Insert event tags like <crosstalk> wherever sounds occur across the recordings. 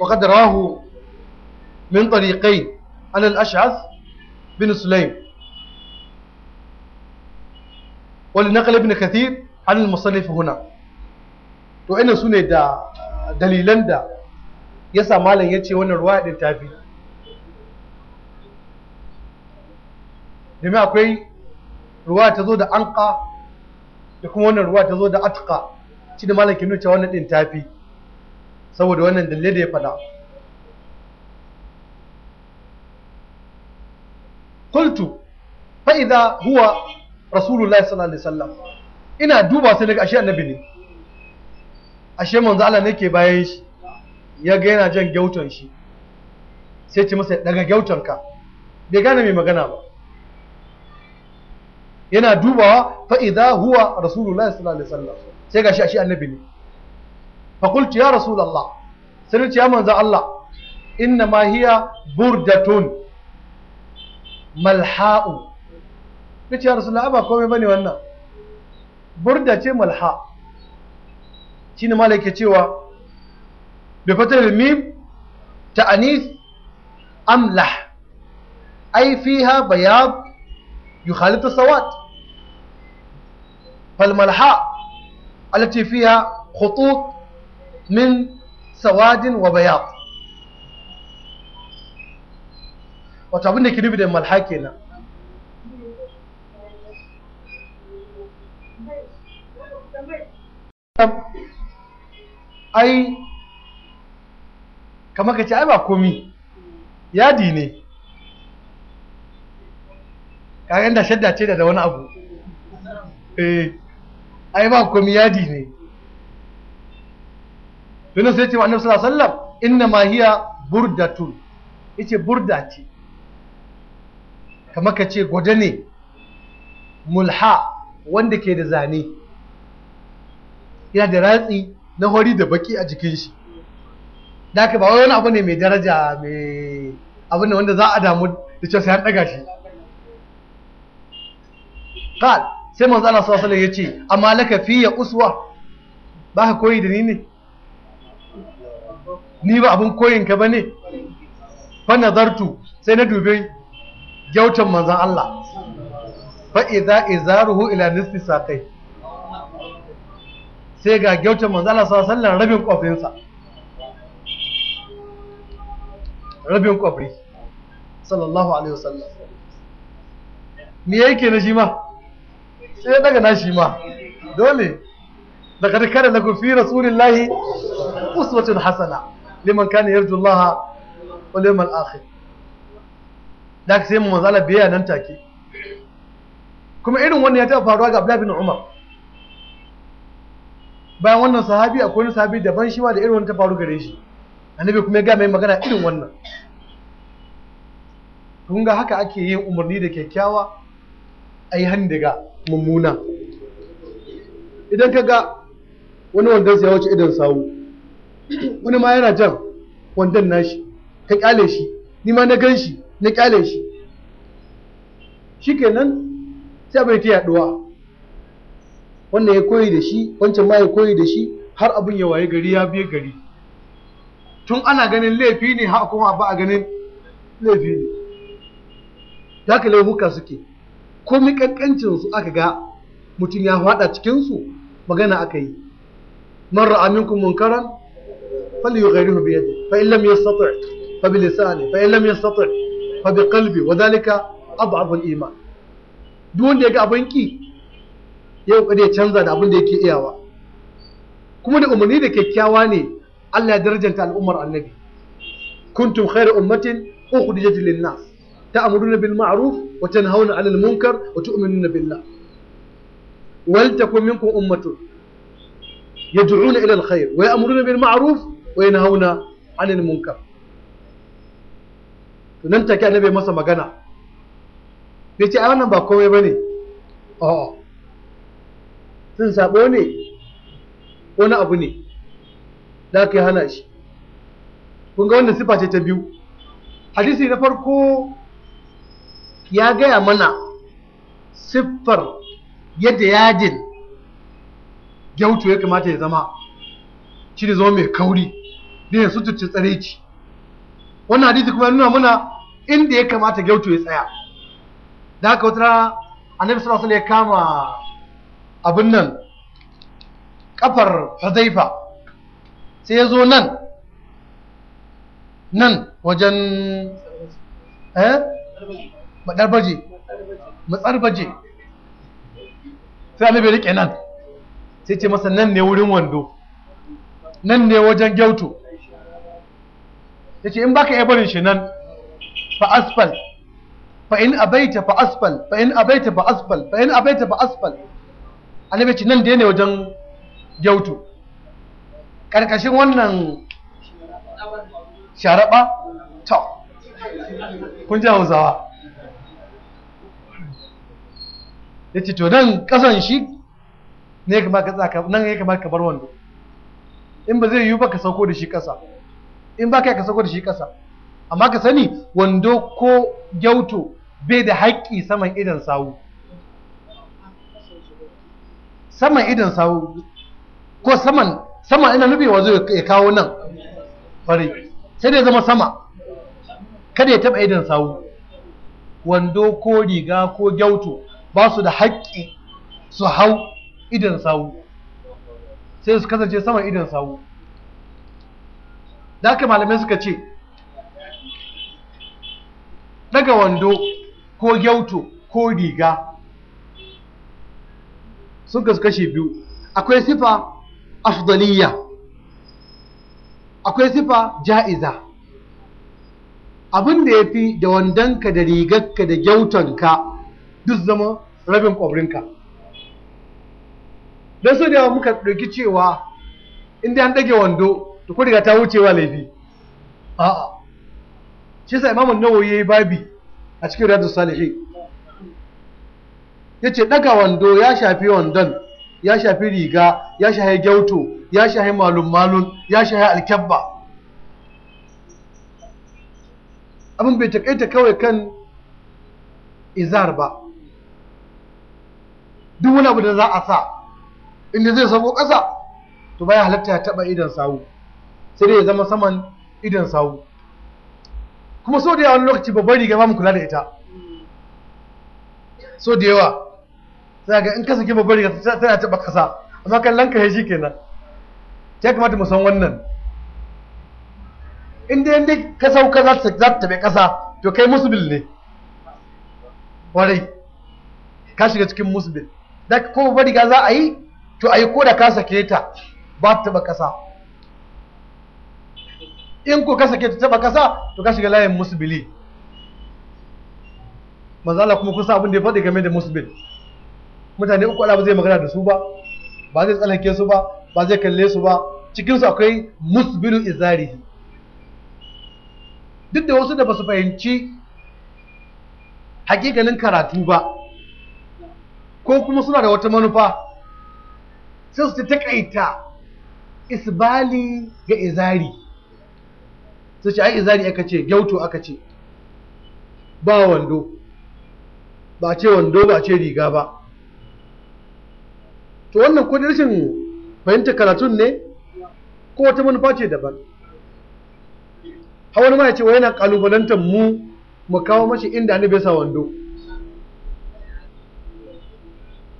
وقد راه من طريقين على الأشعث بن سليم ولنقل ابن كثير عن المصنف هنا وإن سنة دا دليلا دا يسا مالا يتشي وانا رواية التابي لما أقول رواية تزود أنقى يكون وانا رواية تزود أتقى تشي da atka shi da saboda wannan dalilai da ya faɗa Kultu, fa huwa rasulullah sallallahu alaihi wasallam ina duba sai daga ashe annabi ne ashe manzo Allah nake bayan shi ya ga yana jan gyautan shi sai ce masa daga gyautan ka bai gane mai magana ba yana dubawa fa huwa rasulullah sallallahu alaihi wasallam sai ga shi ashe annabi ne fakultu ya rasulallah sai ce ya manzan Allah inna ma hiya burdatun malha'u ta ya rasulallah ba komai bane wannan burda ce malha shi ne malaka cewa bi fatar mim ta anis amlah ai فالملحاء التي فيها خطوط min sawadin wa bayad wato abin da ke nufi da malha kenan ai kamar ka ce ai ba komi yadi ne kayan da shadda ce da wani abu eh ai ba komi yadi ne don sai ce annabi sallallahu alaihi wasallam inna ma hiya burdatun yace burda ce kamar ka ce gwada ne mulha wanda ke da zane yana da ratsi na hori da baki a jikin shi da ba wani abu ne mai daraja mai abu ne wanda za a damu da cewa sai an daga shi qal sai manzo Allah sallallahu alaihi wasallam yace amma laka fiya uswa ba ka koyi da ni ne ni ba abin koyin ka ne? fa nazartu sai na dube gyautan manzan Allah fa idza izaruhu ila nisfi saqai sai ga gyautan manzan Allah sallallahu alaihi wasallam rabin kofinsa rabin kwabri sallallahu alaihi wasallam me yake na shi ma sai daga na shi ma dole daga kada lakum fi rasulillahi uswatun hasana liman kana yarju Allah wal yawmal akhir da sai mu manzala biya nan take kuma irin wannan ya taɓa faruwa ga Abdullahi bin Umar bayan wannan sahabi akwai wani sahabi daban shi ma da irin wannan ta faru gare shi annabi kuma ya ga mai magana irin wannan kun ga haka ake yin umarni da kyakkyawa a yi handiga mummuna idan ka ga wani wanda ya wuce idan sawu wani ma yana jan wandon nashi ka kyale shi ni ma na gan shi na kyale shi shikenan sai abin ta yaduwa wannan ya koyi da shi wancan ma ya koyi da shi har abin ya waye gari ya biye gari tun ana ganin laifi ne har kuma ba a ganin laifi ne da haka laifuka suke komi kankancin su aka ga mutum ya faɗa cikin su magana aka yi man ra'a munkaran فليغيره بيده فإن لم يستطع فبلسانه فإن لم يستطع فبقلبه وذلك أضعف الإيمان دون ديك أبنكي yau kada ya canza da abin da yake iyawa kuma da umarni da kyakkyawa ne Allah ya darajanta al'ummar annabi kuntum khairu ummatin ukhrijat lin nas ta'muruna bil ma'ruf wa tanhauna 'anil munkar wa tu'minuna wal wayanhauna hauna anil munkar to nan take annabi masa magana bai ce ai wannan ba komai bane a'a sun sabo ne wani abu ne da aka hana shi kun ga wannan sifa ce ta biyu hadisi na farko ya gaya mana siffar yadda yajin gyautu ya kamata ya zama shi da zama mai kauri da ya tsare ci wannan hadisi kuma nuna muna inda ya kamata gyautu ya tsaya da haka wata rana annabi sallallahu alaihi ya kama abin nan kafar Hudhaifa sai ya zo nan nan wajen eh madarbaje matsarbaje sai annabi rike nan sai ce masa nan ne wurin wando nan ne wajen gyautu ya ce in baka iya barin shi nan fa asfal fa in abaita fa asfal fa in abaita fa asfal fa in abaita fa asfal annabi ce nan da ne wajen gyautu karkashin wannan sharaba to kun ji hausawa ya ce to nan kasan shi ne ya kamar ka bar wando in ba zai yiwu ba ka sauko da shi kasa in ba ka sako da shi ƙasa amma ka sani wando ko gyauto bai da haƙƙi saman idan sawu saman idan sawu ko saman saman ina nufi wazo ya kawo nan fari sai da zama sama kada ya taɓa idan sawu wando ko riga ko gyauto ba su da haƙƙi su hau idan sawu sai su kasance saman idan sawu da haka malamai suka ce daga wando ko gyauto ko riga sun kashe biyu akwai sifa afdaliya akwai sifa ja'iza abin da ya fi da wandonka da rigarka da gyautonka duk zama rabin ƙwabrinka don so da yawa muka ɗauki cewa inda an ɗage wando to ku riga ta wa laifi a'a shi sa imamun nawawi yayi babi a cikin riyadus Ya ce daga wando ya shafi wandon ya shafi riga ya shafi gyauto ya shafi malum malun ya shafi alkyabba abin bai takaita kawai kan izar ba duk wani abu da za a sa inda zai sabo ƙasa to baya halatta ya taɓa idan sawu sai dai ya zama saman idan sawu kuma so da yawa wani lokaci babbar riga ba mu kula da ita so da yawa sai ga in ka saki babbar riga tana taba kasa amma lanka ya shi kenan ya kamata mu san wannan in dai dai ka sauka za ta tabe kasa to kai musubil ne warai ka shiga cikin musubil da ko babbar riga za a yi to a yi ko da ka sake ta ba ta taba kasa in ku kasa ke ta taba kasa to ka shiga layin musbili manzo kuma kusa abin da ya faɗi game da musbil mutane uku Allah ba zai magana da su ba ba zai tsalake su ba ba zai kalle su ba Cikinsu akwai musbilu izarihi duk da wasu da ba su fahimci hakikalin karatu ba ko kuma suna da wata manufa sai su takaita isbali ga izari sai ce ai izari aka ce gyauto aka ce ba wando ba ce wando ba ce riga ba to wannan kudin rashin fahimta karatun ne ko wata manufa ce daban hawan ma ya ce wa yana kalubalantar mu mu kawo mashi inda ni sa wando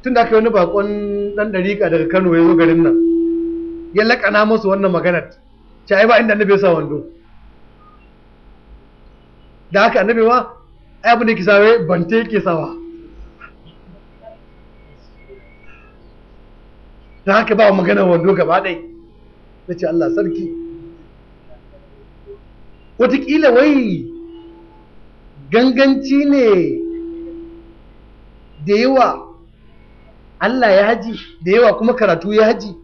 tun da aka yi wani bakon dan dariƙa daga kano ya zo garin nan ya laƙana masu wannan maganar ce ai ba inda ni bai sa wando da haka annabi ma ai abin da ke sawa eh, bante ke sawa da haka ba magana wando gaba ɗai na ce Allah sarki wataƙila wai ganganci ne da yawa Allah ya haji da yawa kuma karatu ya haji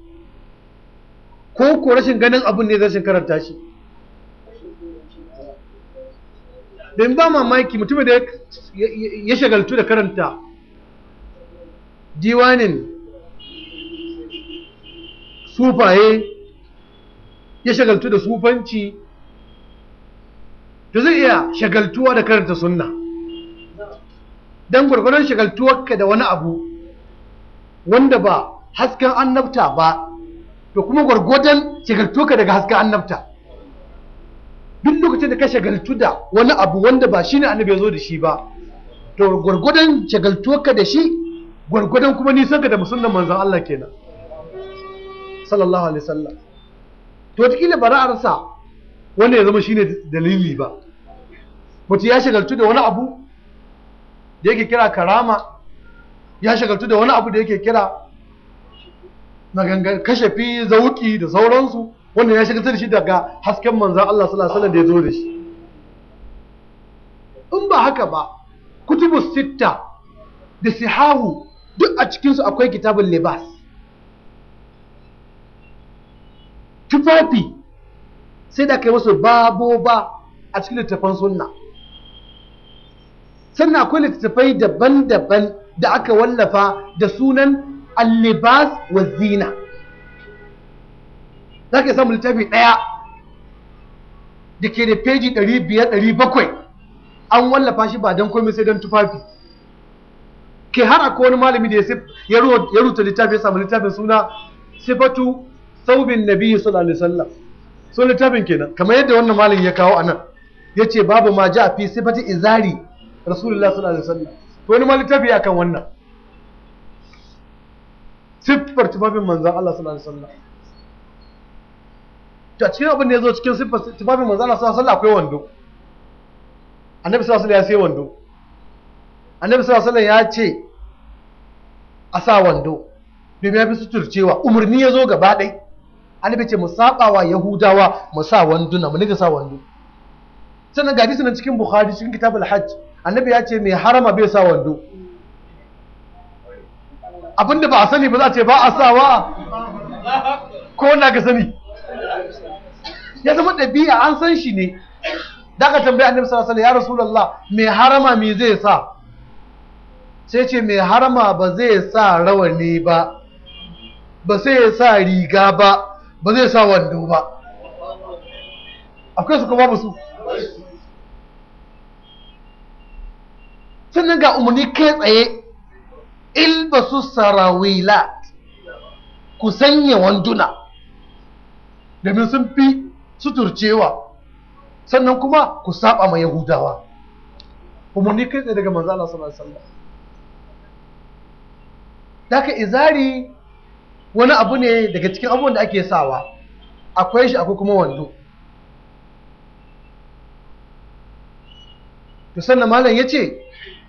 ko ko rashin ganin abun ne rashin karanta shi domin ba mamaki mutumin da ya shagaltu da karanta diwanin sufaye ya shagaltu da sufanci to zai iya shagaltuwa da karanta sunna don gwargwaron shagaltuwarka da wani abu wanda ba hasken annabta ba to kuma gwargwadon shagaltuwarka daga hasken annabta duk lokacin da ka shagaltu da wani abu wanda ba shine annabi ya zo da shi ba to gwargwadon shagaltuwarka da shi gwargwadon kuma nisanka da musulman manzon Allah kenan sallallahu alaihi wasallam to wataƙila ba ra'arsa wanda ya zama shine dalili ba mutum ya shagaltu da wani abu da yake kira karama ya shagaltu da wani abu da yake kira na gangan kashafi zauki da sauransu wanda ya shiga da shi daga hasken manzan Allah sallallahu alaihi da ya zo da shi in ba haka ba kutubu sitta da sihahu duk a cikinsu akwai kitabun libas tufafi sai da kai wasu ba a cikin littattafan sunna sannan akwai littattafai daban-daban da aka wallafa da sunan allibas wa zina za ka samu littafi ɗaya da ke da feji ɗari biyar bakwai an wallafa shi ba don komai sai don tufafi ke har akwai wani malami da ya rute littafi ya samu littafin suna sifatu saubin nabiyyi sallallahu alaihi wasallam so littafin kenan kamar yadda wannan malami ya kawo anan ce babu ma ja fi sifati izari rasulullah sallallahu alaihi wasallam to wani ma littafi kan wannan siffar tufafin manzon Allah sallallahu alaihi wasallam to a cikin abin da ya zo cikin tufafin manzo Allah sallallahu alaihi akwai wando annabi sallallahu alaihi ya sai wando annabi sallallahu alaihi ya ce a sa wando domin ya fi suturcewa umarni ya zo gaba ɗai annabi ce mu saba wa yahudawa mu sa wanduna mu nika sa wando sannan ga hadisin cikin bukhari cikin kitabul hajj annabi ya ce mai harama bai sa wando abinda ba a sani ba za a ce ba a sawa ko na ka sani ya zama ɗabi'a an san shi ne da aka tambaya annabi sallallahu alaihi wasallam ya rasulullah me harama me zai sa sai ce me harama ba zai sa rawani ba ba sai sa riga ba ba zai sa wando ba akwai su kuma ba su sannan ga umarni kai tsaye ba su Sarawila ku sanya wanduna domin sun fi suturcewa sannan kuma ku saba ma yahudawa umarni kai tsaye daga manzo Allah sallallahu alaihi daga izari wani abu ne daga cikin abubuwan da ake sawa akwai shi akwai kuma wando to sannan malam yace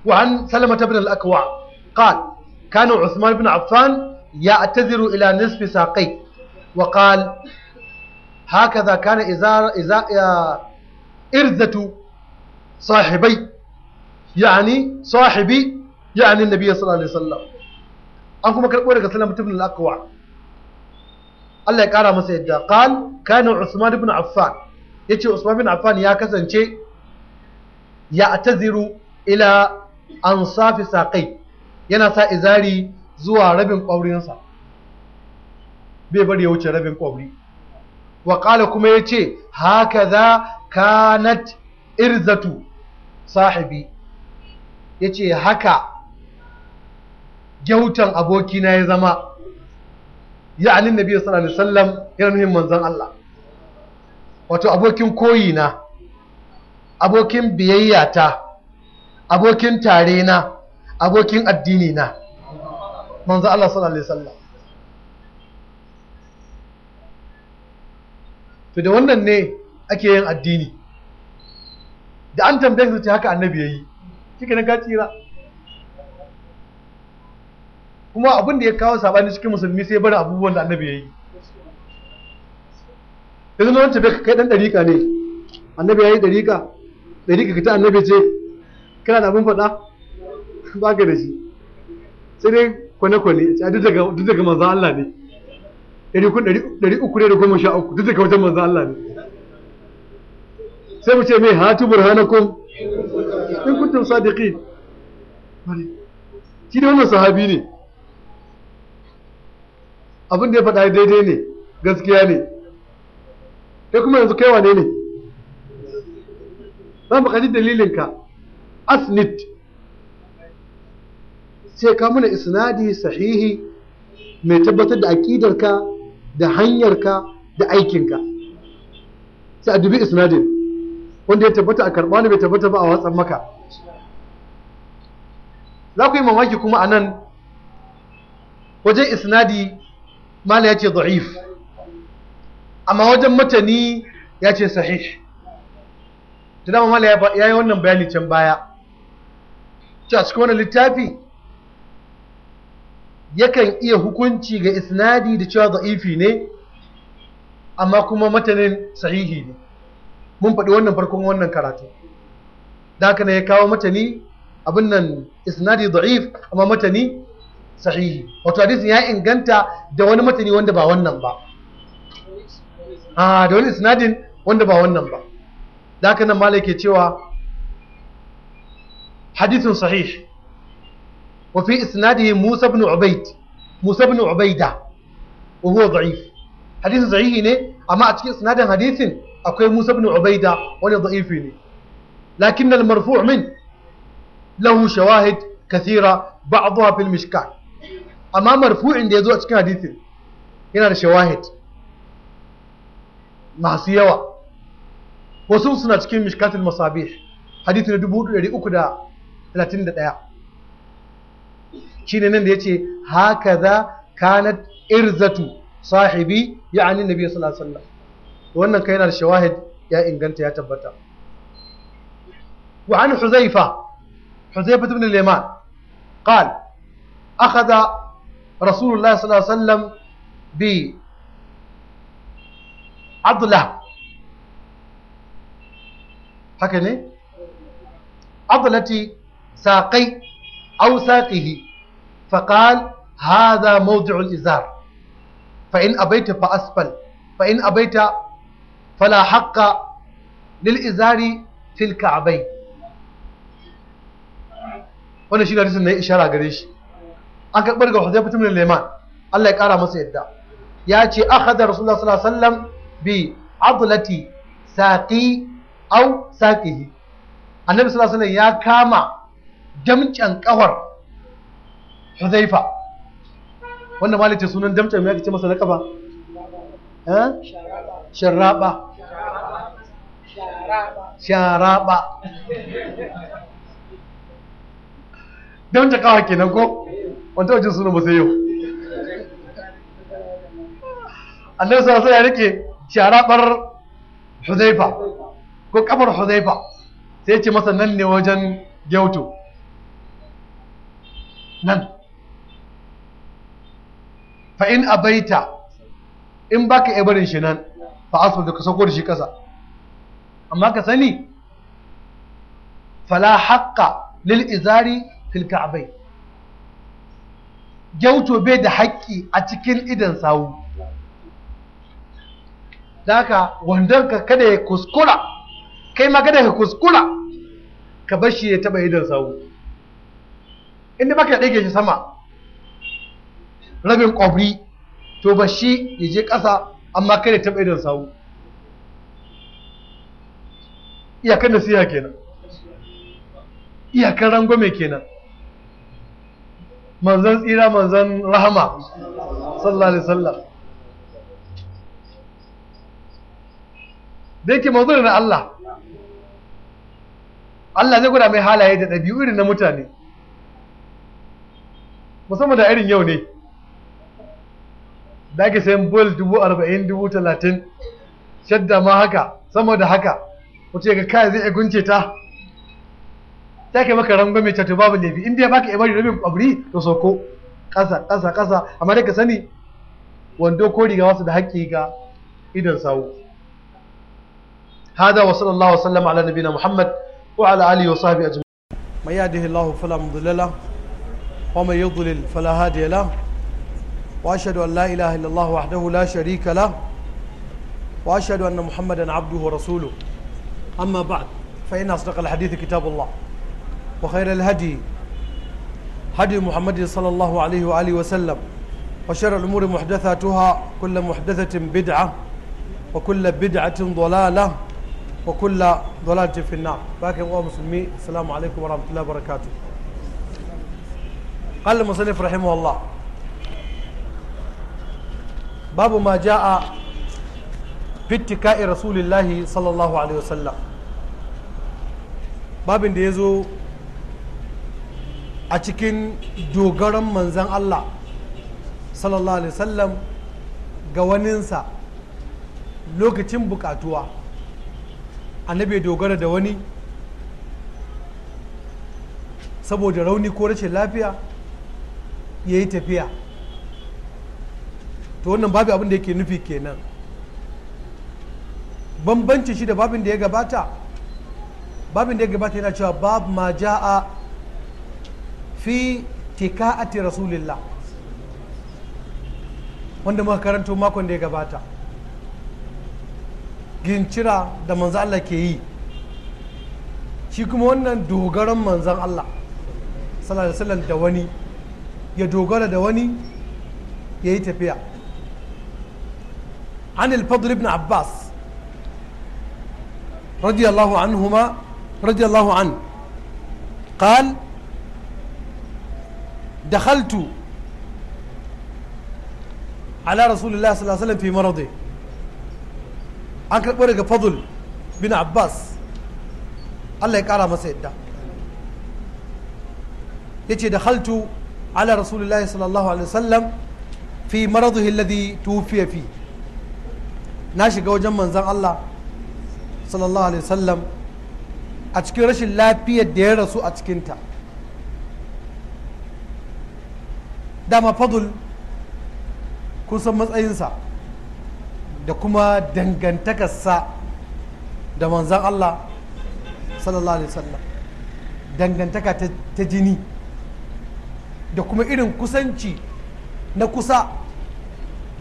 wa an salama ibn al-akwa qal kana usman ibn affan ya'taziru ila nisfi saqai wa hakaza kana iza iza irzatu sahibai yani sahibi yani annabi sallallahu alaihi wasallam an kuma karbo daga salam ibn al-aqwa Allah ya kara masa yadda qal kana usman ibn affan yace usman ibn affan ya kasance ya ataziru ila ansafi saqai yana sa izari zuwa rabin kwaurinsa bai bari ya wuce rabin kwauri wa kuma ya ce haka za kanat irzatu sahibi ya ce haka gyautan abokina ya zama ya anin nabi sallallahu alaihi wasallam yana nuhin manzon Allah wato abokin koyi na abokin biyayyata, abokin tare na abokin addini na manzon Allah sallallahu alaihi wasallam to da wannan ne ake yin addini da an tambaye su ce haka annabi ya yi kika na tsira kuma abin da ya kawo sabani cikin musulmi sai bari abubuwan da annabi ya yi yanzu na wancan bai kai dan dariƙa ne annabi ya yi dariƙa dariƙa ka ta annabi ce kana da abin faɗa <laughs> ba ka da shi sai dai kwane-kwane duk daga manzan Allah ne ɗari uku goma sha uku duk daga wajen manzo Allah ne sai mu ce mai hatu burhanakum in kuntum sadiqin shi da wannan sahabi ne abin da ya faɗa daidai ne gaskiya ne kai kuma yanzu kai wane ne za mu kaji dalilinka asnit sai ka mana isnadi sahihi mai tabbatar da aƙidarka da hanyarka da aikinka sai a dubi isnadin wanda ya tabbata a karɓa ne bai tabbata ba a watsan maka za ku yi mamaki kuma a nan wajen isnadi mala ya ce za'if amma wajen matani ya ce sahih tunama mala ya yi wannan bayani can baya cikin wani littafi yakan iya hukunci ga isnadi da cewa za'ifi ne amma kuma matanin sahihi ne mun faɗi wannan farkon wannan karatu da haka ne ya kawo matani abin nan isnadi da'if amma matani sahihi wato hadisin ya inganta da wani matani wanda ba wannan ba a da wani isnadin wanda ba wannan ba da haka nan malai ke cewa hadisin sahih وفي إسناده موسى بن عبيد موسى بن عبيدة وهو ضعيف حديث ضعيف ne amma a cikin isnadin hadisin akwai Musa ibn Ubaida wani da'ifi ne lakin al-marfu' min lahu shawahid kathira ba'dha fil mishkat amma marfu'in da yazo a cikin hadisin yana da shawahid masu yawa wasu suna cikin mishkatul masabih hadisi na 331 shine nan da yace hakaza kanat irzatu sahibi ya'ani nabi sallallahu alaihi wasallam wannan kai yana da shawahid ya inganta ya tabbata wa an huzaifa huzaifa ibn al-yaman qal akhadha rasulullah sallallahu alaihi wasallam bi adla haka ne adlati saqai aw saqihi فقال هذا موضع الإزار فإن أبيت فأسفل فإن أبيت فلا حق للإزار في الكعبين wannan shi hadisin na ishara gare shi an karɓar ga Huzaifa ibn leman. Allah ya ƙara masa yadda ya ce akhadha Rasulullah sallallahu alaihi wasallam bi adlati saqi aw saqihi Annabi sallallahu alaihi wasallam ya kama damƙen ƙawar huzaifa wanda ma ce sunan damta mai ake ce masa na kafa sharaba sharaba damta kawa kenan ko wanda wajen sunan ba yau annabi sallallahu alaihi wasallam ya rike sharabar huzaifa ko kafar huzaifa sai ce masa nan ne wajen gyauto nan fa in abaita in baka iya barin shi nan fa asbab da ka sauko da shi kasa amma ka sani fala haqqa lil izari fil ka'bay gauto bai da haƙƙi a cikin idan sawu daka wandon ka kada ya kuskura kai ma kada ka kuskura ka bar shi ya taba idan sawu inda baka ɗage shi sama rabin ƙwabri to ba shi ya je ƙasa amma kai da ta bai sawu iyakan nasiha kenan iyakan rangwame kenan manzan tsira manzan rahama sallallahu alaihi sallam da yake manzo da Allah Allah zai gwada mai halaye da ɗabi'u irin na mutane musamman da irin yau ne da ake sayan bol dubu arba'in dubu talatin shadda ma haka sama da haka wacce ga kai zai gunce ta ta kai maka rangwame mai cato babu laifi inda ya baka iya bari rabin kwabri to soko kasa kasa kasa amma dai ka sani wando ko riga wasu da haƙƙi ga idan sawu هذا وصلى الله وسلم على نبينا محمد وعلى آله وصحبه أجمعين من يهده الله فلا مضل له ومن يضلل فلا هادي له وأشهد أن لا إله إلا الله وحده لا شريك له وأشهد أن محمدا عبده ورسوله أما بعد فإن أصدق الحديث كتاب الله وخير الهدي هدي محمد صلى الله عليه وآله وسلم وشر الأمور محدثاتها كل محدثة بدعة وكل بدعة ضلالة وكل ضلالة في النار باكر أمام مسلمي السلام عليكم ورحمة الله وبركاته قال المصنف رحمه الله babu ma ja'a fittika'i rasulillahi sallallahu alaihi wasallam babin da ya zo a cikin dogaran manzan Allah sallallahu alaihi wasallam ga waninsa lokacin bukatuwa annabi dogara da wani saboda rauni ko rashin lafiya ya yi tafiya to wannan babu abin da yake nufi kenan bambanci shi da babin da ya gabata babin da ya gabata yana cewa babu ma ja'a fi tika'ati rasulillah wanda muka karanto makon da ya gabata gincira da manzan Allah ke yi shi kuma wannan dogaran manzan Allah sallallahu alaihi da wani ya dogara da wani ya yi tafiya عن الفضل بن عباس رضي الله عنهما رضي الله عنه قال دخلت على رسول الله صلى الله عليه وسلم في مرضه أكرب ورقة فضل بن عباس الله يقرأ ما سيدا يتي دخلت على رسول الله صلى الله عليه وسلم في مرضه الذي توفي فيه na shiga wajen manzan Allah sallallahu alaihi wasallam a cikin rashin lafiyar da ya rasu a cikinta dama fadul kusan matsayinsa da kuma dangantakarsa da manzan Allah sallallahu alaihi wasallam dangantaka ta jini da kuma irin kusanci na kusa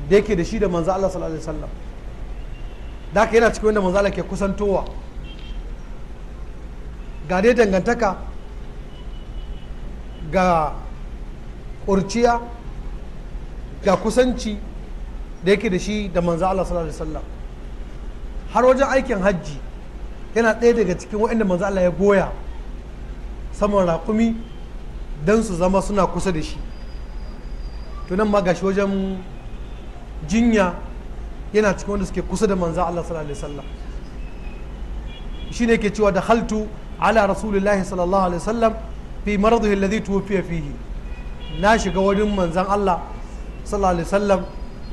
da yake da shi da manzan Allah sallallahu alaihi wasallam da haka yana cikin wanda manzo ke kusantowa ga dai dangantaka ga ƙurciya ga kusanci da yake da shi da manzo Allah sallallahu alaihi wasallam har wajen aikin hajji yana ɗaya daga cikin waɗanda manzo Allah ya goya saman raƙumi don su zama suna kusa da shi to nan ma gashi wajen jinya yana cikin wanda suke kusa da manzan Allah sallallahu alaihi wasallam shine yake cewa da haltu ala rasulillahi sallallahu alaihi wasallam fi maradihi alladhi tuwfiya fihi na shiga wurin manzan Allah sallallahu alaihi wasallam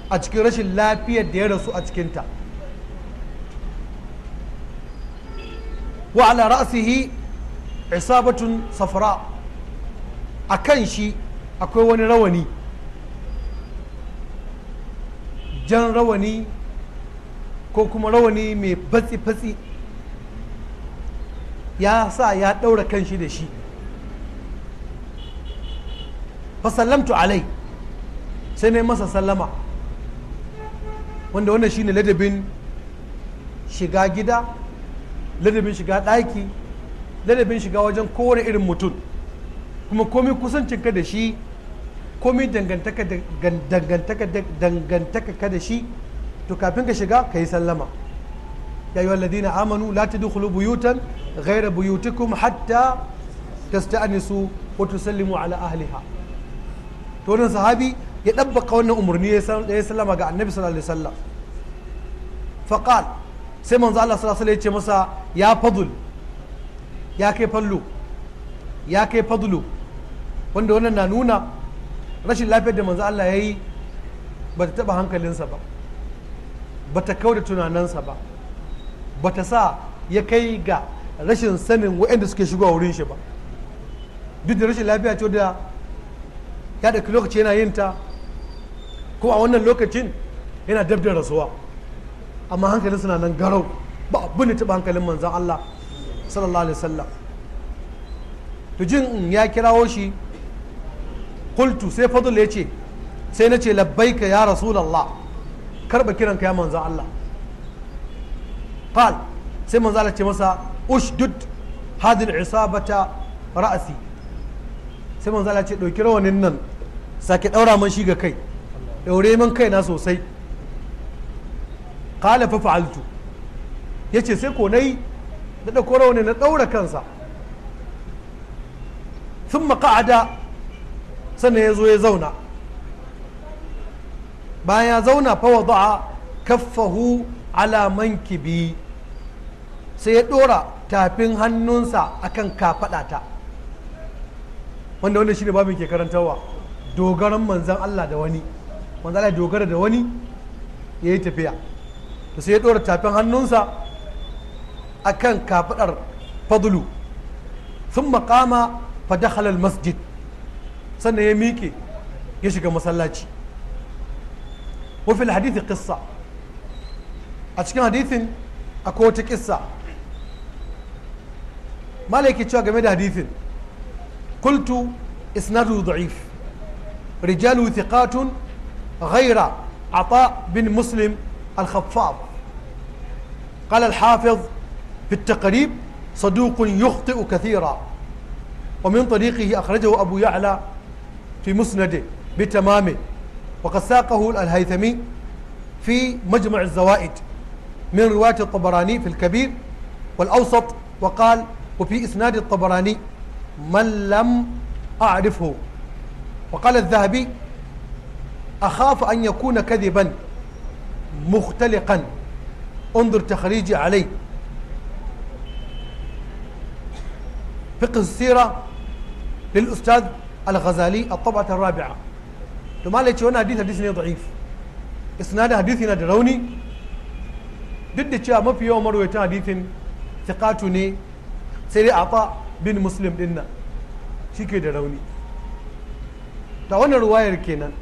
a cikin rashin lafiyar da ya rasu a cikin ta wa ala ra'sihi isabatun safra akan shi akwai wani rawani jan rawani ko kuma rawani mai fatsi-fatsi ya sa ya ɗaura kanshi da shi fasallamtu alai sai na masa sallama wanda wannan shine ladabin shiga gida ladabin shiga ɗaki ladabin shiga wajen kowane irin mutum kuma komai kusancinka da shi komai dangantaka dangantaka ka da shi to kafin ka shiga ka yi sallama ya yi na amanu lati dukulu buyutan ghayra buyutikum hatta tasta'nisu wa tusallimu ala ahliha to wannan sahabi ya dabbaka wannan umarni ya sallama ga annabi sallallahu alaihi wasallam faqal sai manzo Allah sallallahu alaihi wasallam ya ce masa ya fadl ya kai fallu ya kai fadlu wanda wannan na nuna rashin lafiyar da manzo Allah ya yi ba ta taɓa hankalinsa ba ba ta kau da tunaninsa ba ba ta sa ya kai ga rashin sanin wa'anda suke shigo a wurin shi ba duk da rashin lafiya ce da ya lokaci yana yin ta ko a wannan lokacin yana dab da rasuwa amma hankalin suna nan garau ba abin da taɓa hankalin manzan Allah sallallahu alaihi wasallam to jin ya kirawo shi kultu sai fadl ya ce sai na ce labbaika ya rasulallah karba kiranka ya manzo Allah qal sai manzo Allah ce masa ushdud hadhihi al-isabata ra'si sai manzo Allah ce dauki rawanin nan sake daura man shi ga kai daure man kai na sosai qala fa fa'altu yace sai ko nayi da dauko rawanin na daura kansa tun qa'ada sannan ya zo ya zauna bayan ya zauna fawa a kaffahu ala mankibi sai ya ɗora tafin hannunsa akan kafaɗata wanda wanda shine babin ke karantarwa dogaran manzan Allah da wani manzan Allah dogara da wani ya yi tafiya to sai ya ɗora tafin hannunsa akan kafaɗar fadlu sun fa makama fadakhalar masjid sannan ya miƙe ya shiga masallaci wafil hadithi kissa a cikin hadithin akwai wata kissa malaki cewa game da hadithin kultu isnadu da'if rijalu thiqatun ghaira عطاء بن مسلم الخفاض قال الحافظ في التقريب صدوق يخطئ كثيرا ومن طريقه أخرجه أبو يعلى في مسنده بتمامه وقد ساقه الهيثمي في مجمع الزوائد من رواية الطبراني في الكبير والأوسط وقال وفي إسناد الطبراني من لم أعرفه وقال الذهبي أخاف أن يكون كذبا مختلقا انظر تخريجي عليه فقه السيرة للأستاذ al-ghazali at-tab'at rabia to malai ce wannan hadisi hadisi ne da'if isnadin hadisi yana da rauni duk da cewa mafi yawa yawan marwayatan hadisin thiqatu ne sai dai afa bin muslim din shi ke da rauni ta wannan ruwayar kenan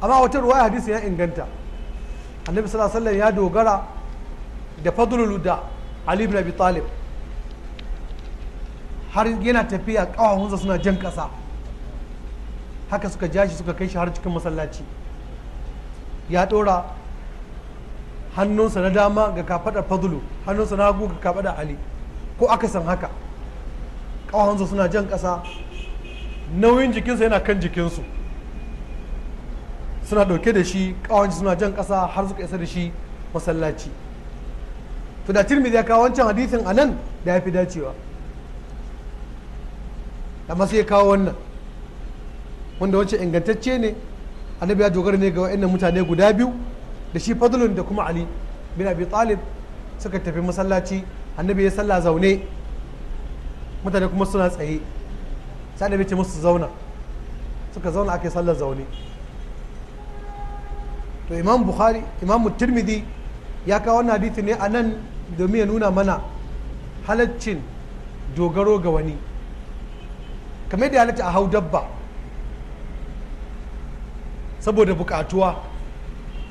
amma wata ruwaya hadisi ya inganta annabi sallallahu alaihi ya dogara da fadlul da ali ibn abi talib har yana tafiya ƙawahunsa suna jan ƙasa haka suka ja shi suka kai shi har cikin masallaci ya ɗora hannunsa na dama ga kafaɗar fadulu hannunsa na hagu ga kafaɗar ali ko aka san haka ƙawahunsa suna jan ƙasa nauyin jikinsa yana kan jikinsu suna ɗauke da shi ƙawahunsa suna jan ƙasa har suka isa da shi masallaci to da tirmidhi ya kawo wancan hadisin anan da ya fi dacewa amma sai ya kawo wannan wanda wancan ingantacce ne annabi ya dogara ne ga wa'annan mutane guda biyu da shi fadlun da kuma ali bin abi talib suka tafi masallaci annabi ya sallah zaune mutane kuma suna tsaye sai annabi ce musu zauna suka zauna ake sallar zaune to imam bukhari imam tirmidhi ya kawo wannan hadisi ne a nan domin ya nuna mana halaccin dogaro ga wani kamar da halitta a hau dabba saboda bukatuwa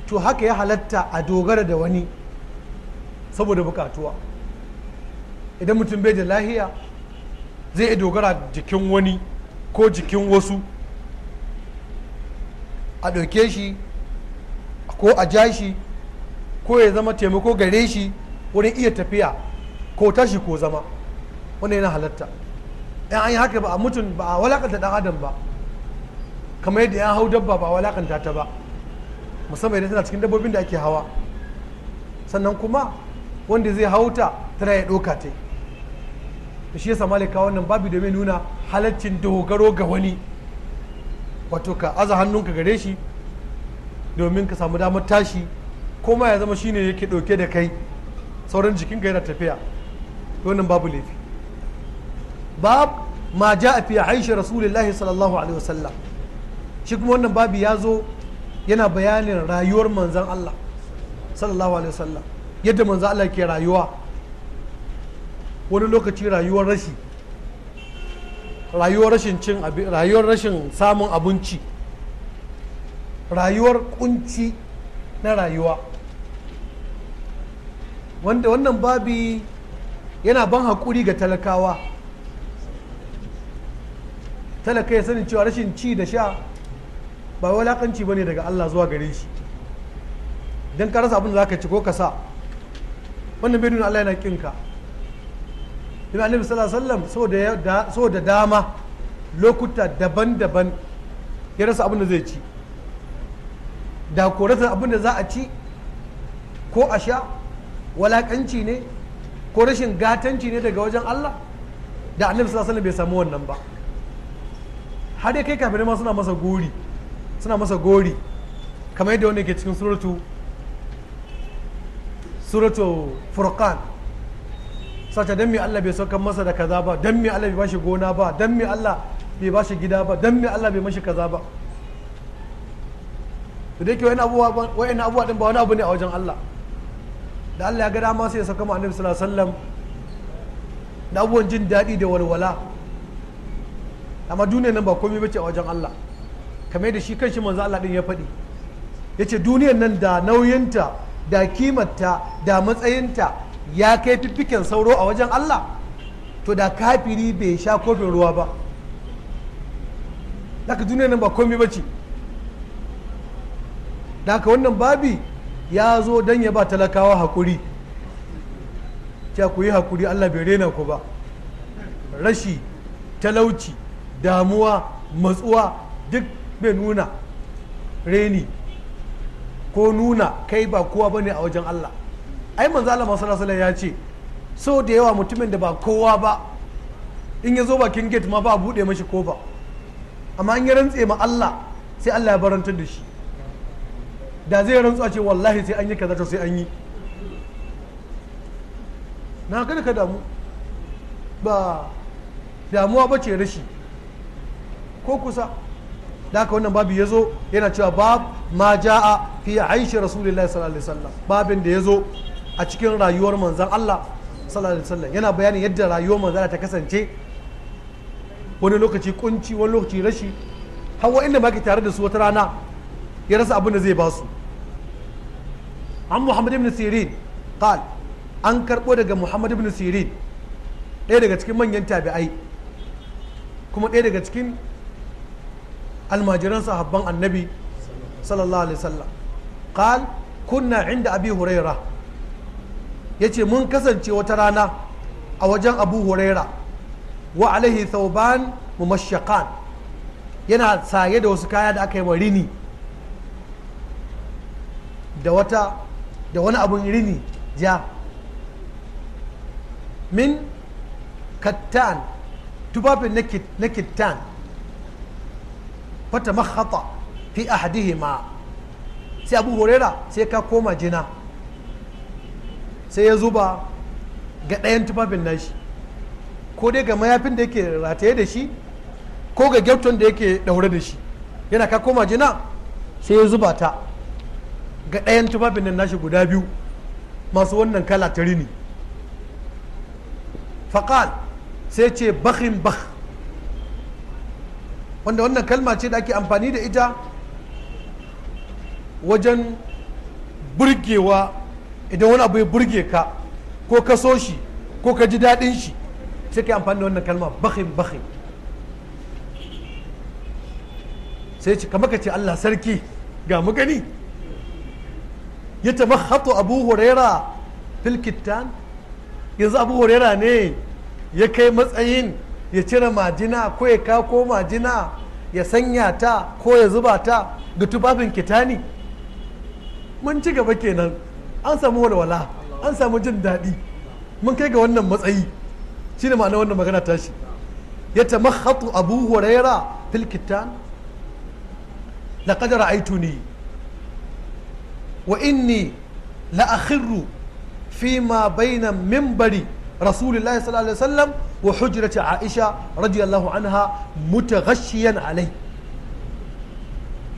to haka ya halatta a dogara da wani saboda bukatuwa idan mutum bai da lahiya zai iya dogara jikin wani ko jikin wasu a ɗauke shi ko a ja shi ko ya zama taimako gare shi wurin iya tafiya ko tashi ko zama wannan yana halatta in an yi haka ba a mutum ba a walakanta dan adam ba kamar yadda ya hau dabba ba a walakanta ta ba musamman idan tana cikin dabbobin da ake hawa sannan kuma wanda zai hauta tana ya ɗauka ta to shi yasa malika wannan babu domin nuna halaccin dogaro ga wani wato ka aza hannunka gare shi domin ka samu damar tashi ko ya zama shine yake ɗauke da kai sauran jikinka yana tafiya wannan babu laifi bab ma ja a fiye aishi rasulullahi sallallahu alaihi wasallam shi kuma wannan babi ya zo yana bayanin rayuwar manzan Allah sallallahu alaihi wasallam yadda manzan Allah ke rayuwa wani lokaci rayuwar rashi rayuwar rashin cin rayuwar rashin samun abinci rayuwar kunci na rayuwa wanda wannan babi yana ban haƙuri ga talakawa talaka ya sani cewa rashin ci da sha ba walakanci ba ne daga Allah zuwa gare shi don ka rasa abin da za ka ci ko ka sa wannan bai nuna Allah yana ƙinka ka domin annabi sallallahu alaihi wasallam so da dama lokuta daban-daban ya rasa abin da zai ci da ko rasa abin da za a ci ko a sha walaƙanci ne ko rashin gatanci ne daga wajen Allah da annabi sallallahu alaihi wasallam bai samu wannan ba har ya kai kafirai ma suna masa gori suna masa gori kamar yadda wanda ke cikin suratu suratu furqan sace dan me Allah bai saukar masa da kaza ba dan me Allah bai bashi gona ba dan me Allah bai bashi gida ba dan me Allah bai mashi kaza ba da yake ke wani abuwa wani din ba wani abu ne a wajen Allah da Allah ya ga dama sai ya sauka mu annabi sallallahu alaihi wasallam da abubuwan jin daɗi da walwala amma duniya nan ba komai bace a wajen Allah kamar da shi kanshi manzo Allah din ya faɗi yace duniyan nan da nauyinta da kimarta da matsayinta ya kai fiffiken sauro a wajen Allah to da kafiri bai sha kofin ruwa ba daga duniya nan ba komai bace daga wannan babi ya zo don ya ba talakawa haƙuri cewa ku yi haƙuri Allah bai rena ku ba rashi talauci damuwa matsuwa duk bai nuna reni ko nuna kai ba kowa bane a wajen Allah ai manzo Allah sallallahu ya ce so da yawa mutumin da ba kowa ba in ya zo bakin gate ma ba a bude mashi kofa amma in ya rantse ma Allah sai Allah ya barantar da shi da zai a ce wallahi sai an yi kaza sai an yi na kada ka damu ba damuwa ba ce rashi ko kusa da haka wannan babu ya zo yana cewa bab ma ja'a fi aishi rasulullahi sallallahu alaihi wasallam babin da ya zo a cikin rayuwar manzan Allah sallallahu alaihi wasallam yana bayanin yadda rayuwar manzan ta kasance wani lokaci kunci wani lokaci rashi hawa inda ma tare da su wata rana ya rasa abin da zai ba su an muhammad ibn sirin qal an karbo daga muhammad ibn sirin ɗaya daga cikin manyan tabi'ai kuma ɗaya daga cikin almajiran sahabban annabi sallallahu alaihi wasallam qal kunna inda abi huraira yace mun kasance wata rana a wajen abu huraira wa alaihi thauban mumashshaqan yana saye da wasu kaya da aka yi rini da wata da wani abun rini ja min kattan tufafin na kittan fata makhata fi ahadihima sai abu horera sai ka koma jina sai ya zuba ga ɗayan tufafin nashi ko dai ga mayafin da yake rataye da shi ko ga gyauton da yake ɗaure da shi yana ka koma jina sai ya zuba ta ga ɗayan tufafin nan nashi guda biyu masu wannan kala ta rini faƙal sai ce bakhin bakh wanda wannan kalma ce da ake amfani da ita wajen burgewa idan wani abu ya burge ka ko ka so shi ko ka ji daɗin shi sai ka amfani da wannan kalma bakin bakin sai ce kamar ka ce Allah sarki ga mu gani ya tamakhatu abu huraira filkittan yanzu abu huraira ne ya kai matsayin ya cire majina ko ya kako majina ya sanya ta ko ya zuba ta ga tufafin kitani mun ci gaba kenan an samu walwala an samu jin daɗi mun kai ga wannan matsayi shi ne ma'ana wannan magana tashi ya tamakhatu abu huraira fil kitan aitu ne wa inni la akhirru fi ma bayna minbari rasulullahi sallallahu alaihi wasallam wa hujrati aisha radiyallahu anha mutaghashiyan alai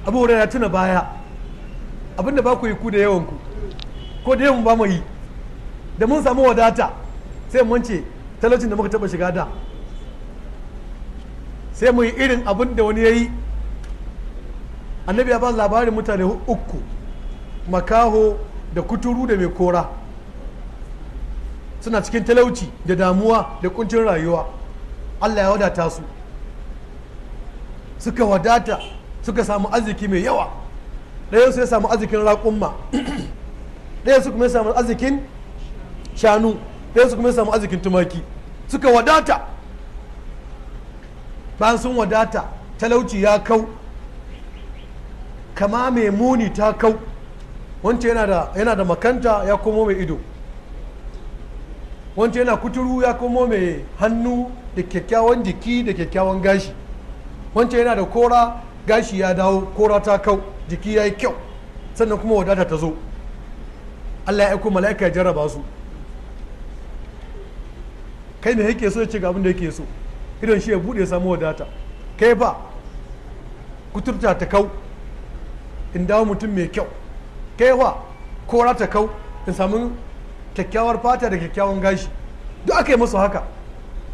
abu hurairah tuna baya abinda ba ku yi ku da yawanku ko da yawan ba mu yi da mun samu wadata sai mun ce talacin da muka taba shiga da sai mu yi irin abin da wani ya yi annabi ya ba labarin mutane uku makaho da kuturu da mai kora suna cikin talauci da damuwa da kuncin rayuwa allah ya wadata su suka wadata suka samu arziki mai yawa ɗaya su ya samu arzikin raƙumma <clears throat> ɗaya su kuma ya samu arzikin shanu ɗaya su kuma ya samu arzikin tumaki suka wadata bayan sun wadata talauci ya kau kama mai muni ta kau wancan yana da makanta ya komo mai ido wancan yana kuturu ya komo mai hannu da kyakkyawan jiki da kyakkyawan gashi wancan yana da kora gashi ya dawo kora ta kau jiki ya yi kyau sannan kuma wadata ta zo allah ya aiko mala'ika ya jarraba su kai ne yake so ya ce ga abin da yake so idan shi ya bude ya samu wadata kai ba kuturta ta kau in dawo mutum mai kyau kai wa kora ta kau in samu kyakkyawar fata da kyakkyawan gashi duk aka musu haka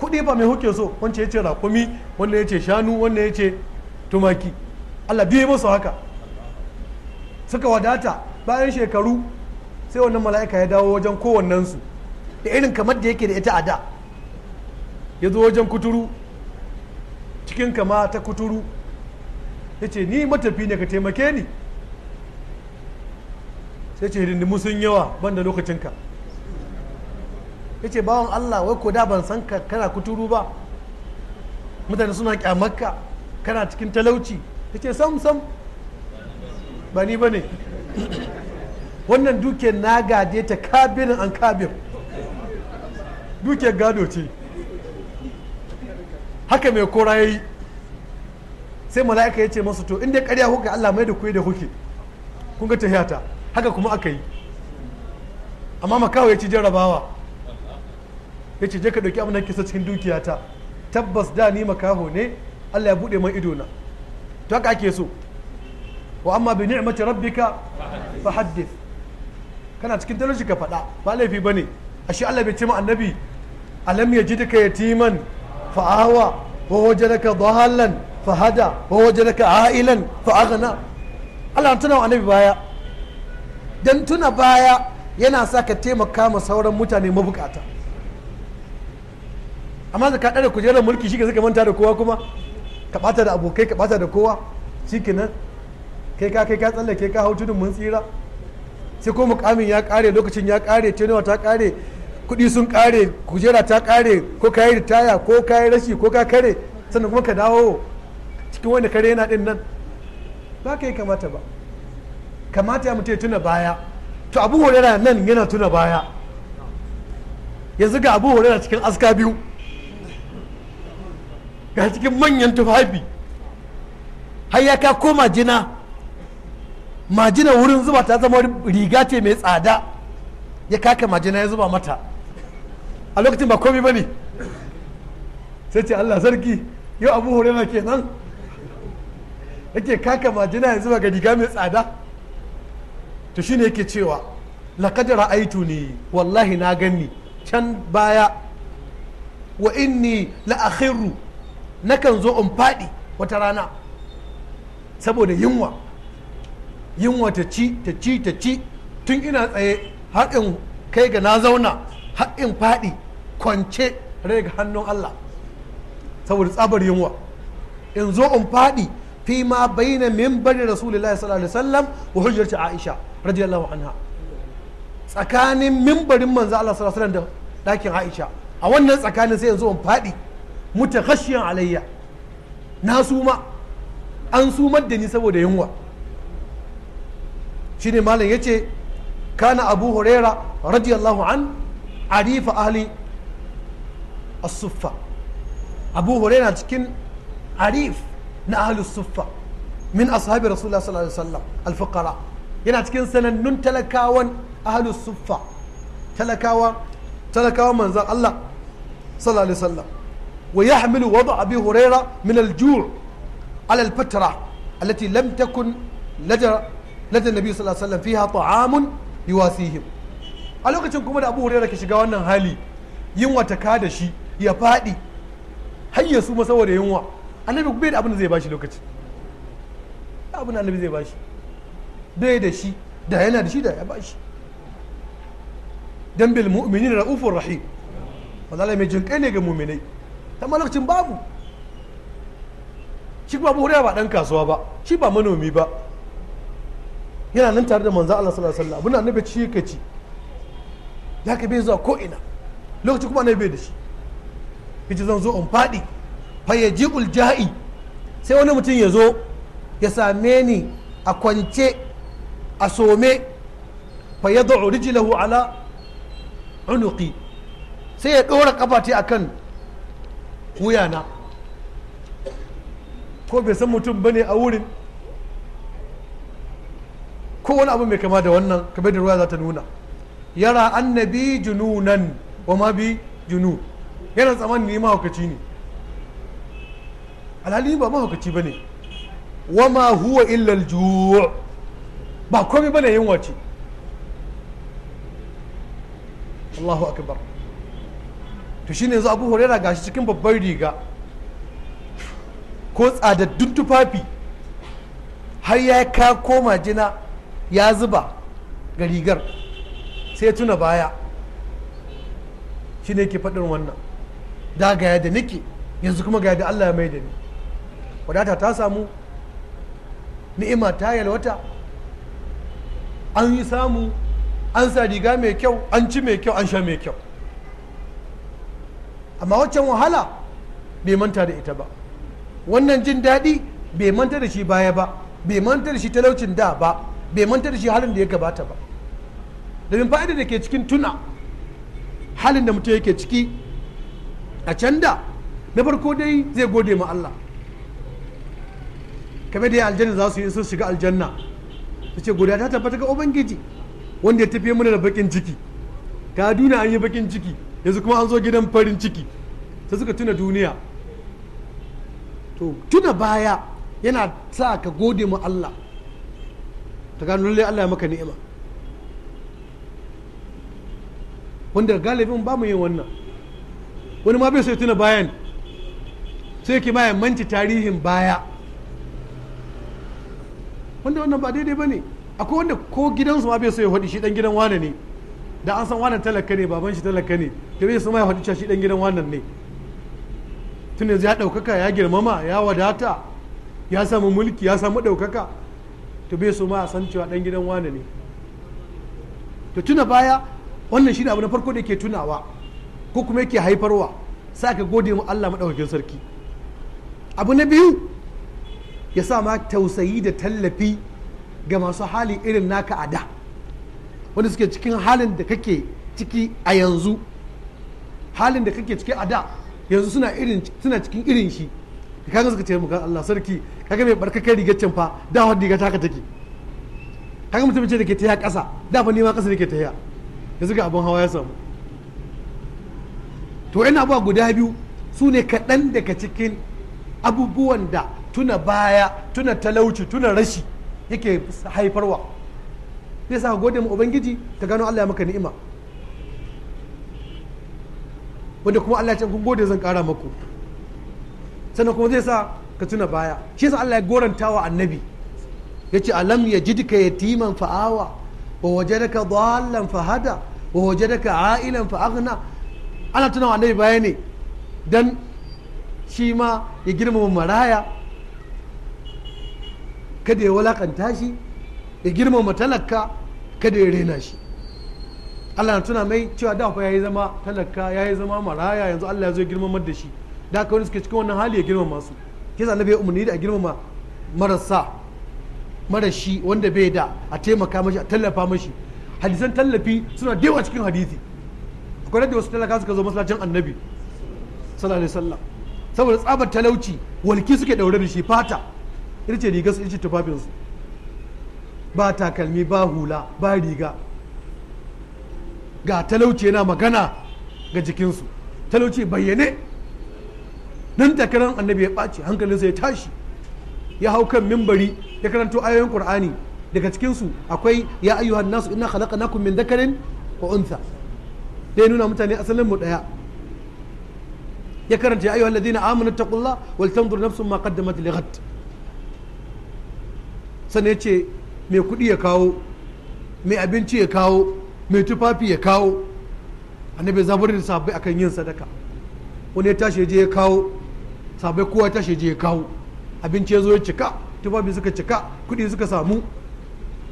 kuɗi ba mai huke so wanda ya ce raƙumi wanda ya ce shanu wanda ya ce tumaki allah biye musu haka suka wadata bayan shekaru sai wannan mala'ika ya dawo wajen kowannensu da irin kamar da yake da ita a da ya zo wajen kuturu cikin kama ta kuturu ya ce ni matafi ne ka taimake ni sai ce hidindimu sun yawa banda lokacinka ya ce bawan Allah wai ko da ban san ka kana kuturu ba mutane suna kyamarka kana cikin talauci ya ce sam sam ba ni ba ne wannan duke na gade ta kabirin an kabir duke gado ce haka mai kora ya yi sai mala'ika ya ce masu to inda karya kuka Allah mai da kuwa da kuke kun ga tahiyata haka kuma aka yi amma makawai ya ci jarrabawa ya ce je ka ɗauki abin da kake so cikin dukiyata tabbas da ni makaho ne Allah ya buɗe man idona to haka ake so wa amma bi ni'mati rabbika fa haddith kana cikin talauci ka faɗa ba laifi ba ne ashe Allah bai ce ma annabi alam yajidka yatiman fa ahwa wa wajadaka dhalan fa hada wa wajadaka ailan fa aghna Allah tuna wa annabi baya dan tuna baya yana sa ka taimaka ma sauran mutane mabukata amma da ka ɗara kujerar mulki shi ka manta da kowa kuma ka ɓata da abokai ka ɓata da kowa shi kenan kai ka kai ka tsalle kai ka hau tudun mun tsira sai ko mukamin ya ƙare lokacin ya ƙare tenuwa ta ƙare kuɗi sun ƙare kujera ta ƙare ko ka yi ritaya ko ka yi rashi ko ka kare sannan kuma ka dawo cikin wani kare yana ɗin nan ba ka yi kamata ba kamata ya mutu ya tuna baya to abu horera nan yana tuna baya yanzu ga abu horera cikin aska biyu ga cikin manyan tufafi har ya ka koma majina wurin zuba ta zama riga ce mai tsada ya kaka majina ya zuba mata a lokacin ba komi ba ne sai ce allah sarki yau abu hurera kenan yake kaka majina ya zuba ga riga mai tsada to shine yake cewa lakadara aitu ne wallahi na gani can baya wa inni la'akhiru nakan zo in faɗi wata rana saboda yunwa yunwa ta ci ta ci ta ci tun ina tsaye haɗin kai ga na zauna haɗin faɗi kwance rai ga hannun Allah saboda tsabar yunwa in zo in faɗi fi ma bayyana mimbarin rasulullahi sallallahu alaihi wasallam wa hujjarci aisha radiyallahu anha tsakanin mimbarin manzo Allah sallallahu alaihi wasallam da ɗakin aisha a wannan tsakanin sai in zo in faɗi mutakhashiyan alayya na suma an sumar da ni saboda yunwa shine malam yace kana abu huraira radiyallahu an arifa ahli as-suffa abu huraira cikin arif na ahli suffa min ashabi rasulullah sallallahu alaihi wasallam yana cikin sanannun talakawan ahli suffa talakawa Allah sallallahu alaihi ويحمل وضع أبي هريرة من الجوع على الفترة التي لم تكن لدى لدى النبي صلى الله عليه وسلم فيها طعام يواسيهم a lokacin kuma da abu hurera ke shiga wannan hali yin ta kada shi ya faɗi har ya suma saboda yunwa annabi bai da abin da zai bashi lokacin abin da annabi zai bashi bai da shi da yana da shi da ya bashi dan bil mu'minin ra'ufur rahim wallahi mai jinkai ne ga mu'minai da lokacin babu shi kuma Buhari ba dan kasuwa ba shi ba manomi ba yana nan tare da manzo Allah sallallahu alaihi wasallam abin annabi ci ka ci ya ka bai zuwa ko ina lokaci kuma annabi bai da shi yace zan zo in fadi fa ji ja'i sai wani mutum ya zo ya same ni a kwance a some fa yad'u rijlahu ala unuqi sai ya dora kafa ta akan wuyana ko bai san mutum ba ne a wurin ko wani abu mai kama da wannan kamar da ruwa za ta nuna yara annabi jununan wa ma bi junu yana tsammanin ni mahaukaci ne alhali ba mahaukaci ba ne wa ma huwa illal juwa ba komai ba ne yin wace Allahu akbar to shine yanzu abu huraira gashi cikin babbar riga ko tsadaddun tufafi har ya ka koma jina ya zuba ga rigar sai tuna baya shine ke faɗin wannan da ga da nake yanzu kuma ga da Allah ya mai da ni wadata ta samu ni'ima ta yalwata an yi samu an sa riga mai kyau an ci mai kyau an sha mai kyau amma waccan wahala bai manta da ita ba wannan jin daɗi bai manta da shi baya ba bai manta da shi talaucin da ba bai manta da shi halin da ya gabata ba domin fa'ida da ke cikin tuna halin da mutum yake ciki a can da na farko dai zai gode ma Allah kamar da ya aljanna za su yi sun shiga aljanna su ce godiya ta tabbata ga ubangiji wanda ya tafiye mana da bakin ciki kaduna an yi bakin ciki yanzu kuma an zo gidan farin ciki sai suka tuna duniya to tuna baya yana sa ka gode ma Allah ta gano lallai Allah ya maka ni'ima wanda galibin ba mu yin wannan wani ma bai sai tuna bayan sai ke ma manci tarihin baya wanda wannan ba daidai ba ne akwai wanda ko gidansu ma bai sai ya faɗi shi dan gidan wane ne da an san wannan talaka ne baban shi talaka ne da bai sama ya hadu shi dan gidan wannan ne tun yanzu ya daukaka ya girmama ya wadata ya samu mulki ya samu ɗaukaka to bai so ma a san cewa dan gidan wane ne to tuna baya wannan shi abu na farko da yake tunawa ko kuma yake haifarwa sa ka gode mu Allah maɗaukakin sarki abu na biyu ya sa ma tausayi da tallafi ga masu hali irin naka a da wanda suke cikin halin da kake ciki a yanzu halin da kake ciki a da yanzu suna irin suna cikin irin shi da kaga suka ce maka Allah sarki kaga mai kai rigar can fa da wa riga taka take kaga mutum ce da ke tafiya kasa da fa nima ƙasa ke taya yanzu ga abin hawa ya samu to ina abuwa guda biyu su ne kaɗan daga cikin abubuwan da tuna baya tuna talauci tuna rashi yake haifarwa zai sa ka gode ma ubangiji ta gano Allah ya maka ni'ima wanda kuma Allah ya ce kun gode zan kara maku sannan kuma zai sa ka tuna baya shi yasa Allah ya goranta wa annabi yace alam ya ka yatiman fa'awa wa wajadaka dhallan fahada wa ka a'ilan fa ana tuna wa annabi baya ne dan shi ma ya girmama maraya kada ya walakanta shi ya girmama talaka kada ya rena shi Allah na tuna mai cewa da ya yi zama talaka ya yi zama maraya yanzu Allah ya zo ya girmamar da shi da aka wani suke cikin wannan hali ya girmama su ke annabi bai umarni da a girmama marasa marashi wanda bai da a taimaka mashi a tallafa mashi hadisan tallafi suna da yawa cikin hadisi akwai da wasu talaka suka zo masallacin annabi sallallahu alaihi wasallam saboda tsabar talauci walki suke daure da shi fata ita ce rigar su ita ce tufafinsu ba takalmi ba hula ba riga ga talauci yana magana ga jikinsu talauci bayyane nan takarar annabi ya ɓaci hankalinsa ya tashi ya hau kan mimbari ya karanto ayoyin qur'ani daga cikinsu akwai ya ayyuhan nasu inna khalaqnakum min dhakarin wa untha dai nuna mutane asalin mu ɗaya ya karanta ya ayyuhan ladina amanu taqullah wal tanzur nafsun ma qaddamat lighad sannan ya ce mai kuɗi ya kawo mai abinci ya kawo mai tufafi ya kawo annabi zaburin da sabai akan yin sadaka wani ya tashi je ya kawo sabai kowa ya tashi je ya kawo abinci ya zo ya cika tufafi suka cika kuɗi suka samu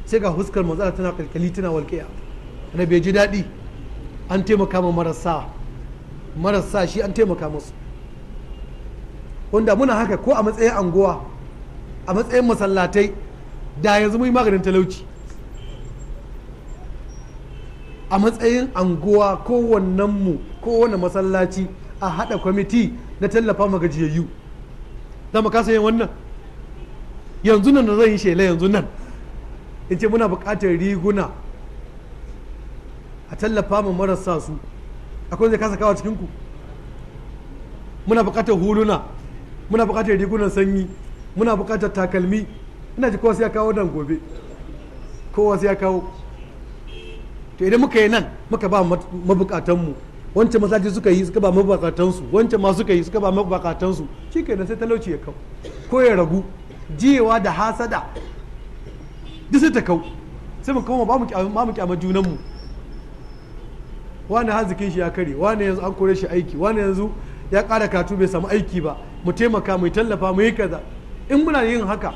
sai ga fuskar matsala tana kalkali tana walƙiya annabi bai ji daɗi an taimaka ma marasa marasa shi an taimaka musu wanda muna haka ko a matsayin anguwa a matsayin masallatai da yanzu mun yi maganin talauci a matsayin anguwa ko kowane masallaci a haɗa kwamiti na tallafa ma gajiyayyu za mu kasa yin wannan yanzu nan da zan yi shela yanzu nan in ce muna buƙatar riguna a tallafa ma marasa su akwai zai kasa kawo cikinku muna buƙatar huluna muna buƙatar rigunan sanyi muna buƙatar takalmi ina ji kowa sai ya kawo nan gobe kowa sai ya kawo to idan muka yi nan muka ba mabukatanmu wancan masaji suka yi suka ba mabukatansu wancan ma suka yi suka ba mabukatansu shi kenan sai talauci ya kau ko ya ragu jiyewa da hasada duk sai ta kau sai mu kama ba mu kyamar junanmu wani hazikin shi ya kare wani yanzu an kore shi aiki wani yanzu ya kara katu bai samu aiki ba mu taimaka mu tallafa mu yi kaza in muna yin haka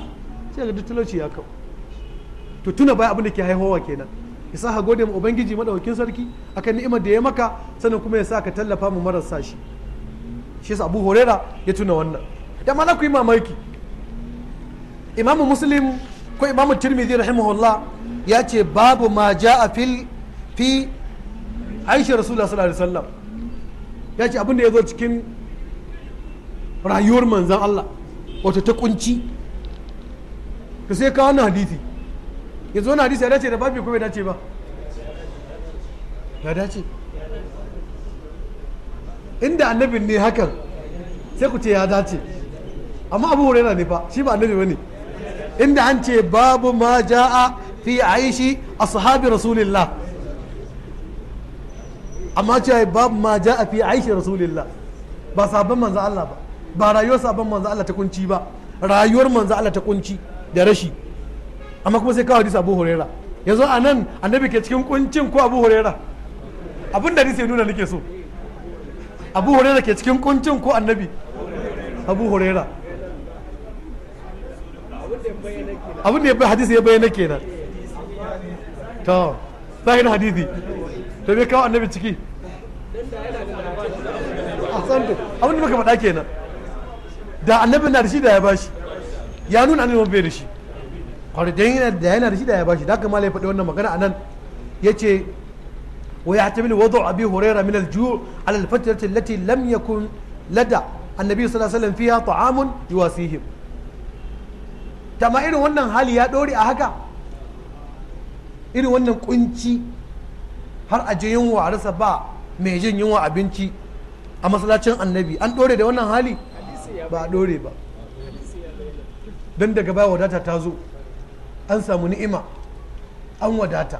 sai ga duk talauci ya kawo to tuna baya abin da ke haihuwa kenan ya sa gode ma ubangiji madaukakin sarki akan ni'imar da ya maka sannan kuma ya sa ka tallafa mu marasa shi shi yasa Abu horera ya tuna wannan da ma ku yi mamaki imamu Muslim ko imamu Tirmidhi rahimahullah ya ce babu ma ja'a fil fi Aisha Rasulullah sallallahu alaihi wasallam ya ce abin da ya zo cikin rayuwar manzon Allah wato ta kunci Ka sai kawo wannan hadisi zo na hadisi ya dace da babu kuma bai dace ba ya dace inda annabin ne hakan sai ku ce ya dace amma abu huraira ne fa shi ba annabi bane inda an ce babu ma ja'a fi aishi ashabi rasulillah amma ce babu ma ja'a fi aishi rasulillah ba sabon manzo Allah ba ba rayuwar sabon manzo Allah ta kunci ba rayuwar manzo Allah ta kunci da rashi amma kuma sai kawo hadisi abu huraira yanzu a nan annabi ke cikin kuncin ko abu huraira abin da hadisi ya nuna nake so abu huraira ke cikin kuncin ko annabi abu huraira abin da ya bai hadisi ya bayyana kenan to zahirin hadisi to bai kawo annabi ciki abin da muka faɗa kenan da annabi na da shi da ya bashi ya nuna annabi bai da shi kwarai yana da yana da shi da ya bashi da haka malai faɗi wannan magana ya ce wa yahtamil wadu abi horaira min al-ju' ala lam yakun lada annabi sallallahu alaihi wasallam fiha ta'amun yuwasihim tama irin wannan hali ya dore a haka irin wannan kunci har a je yunwa a rasa ba mai jin yunwa abinci a masallacin annabi an dore da wannan hali ba a dore ba don daga baya wadata ta zo an samu ni'ima an wadata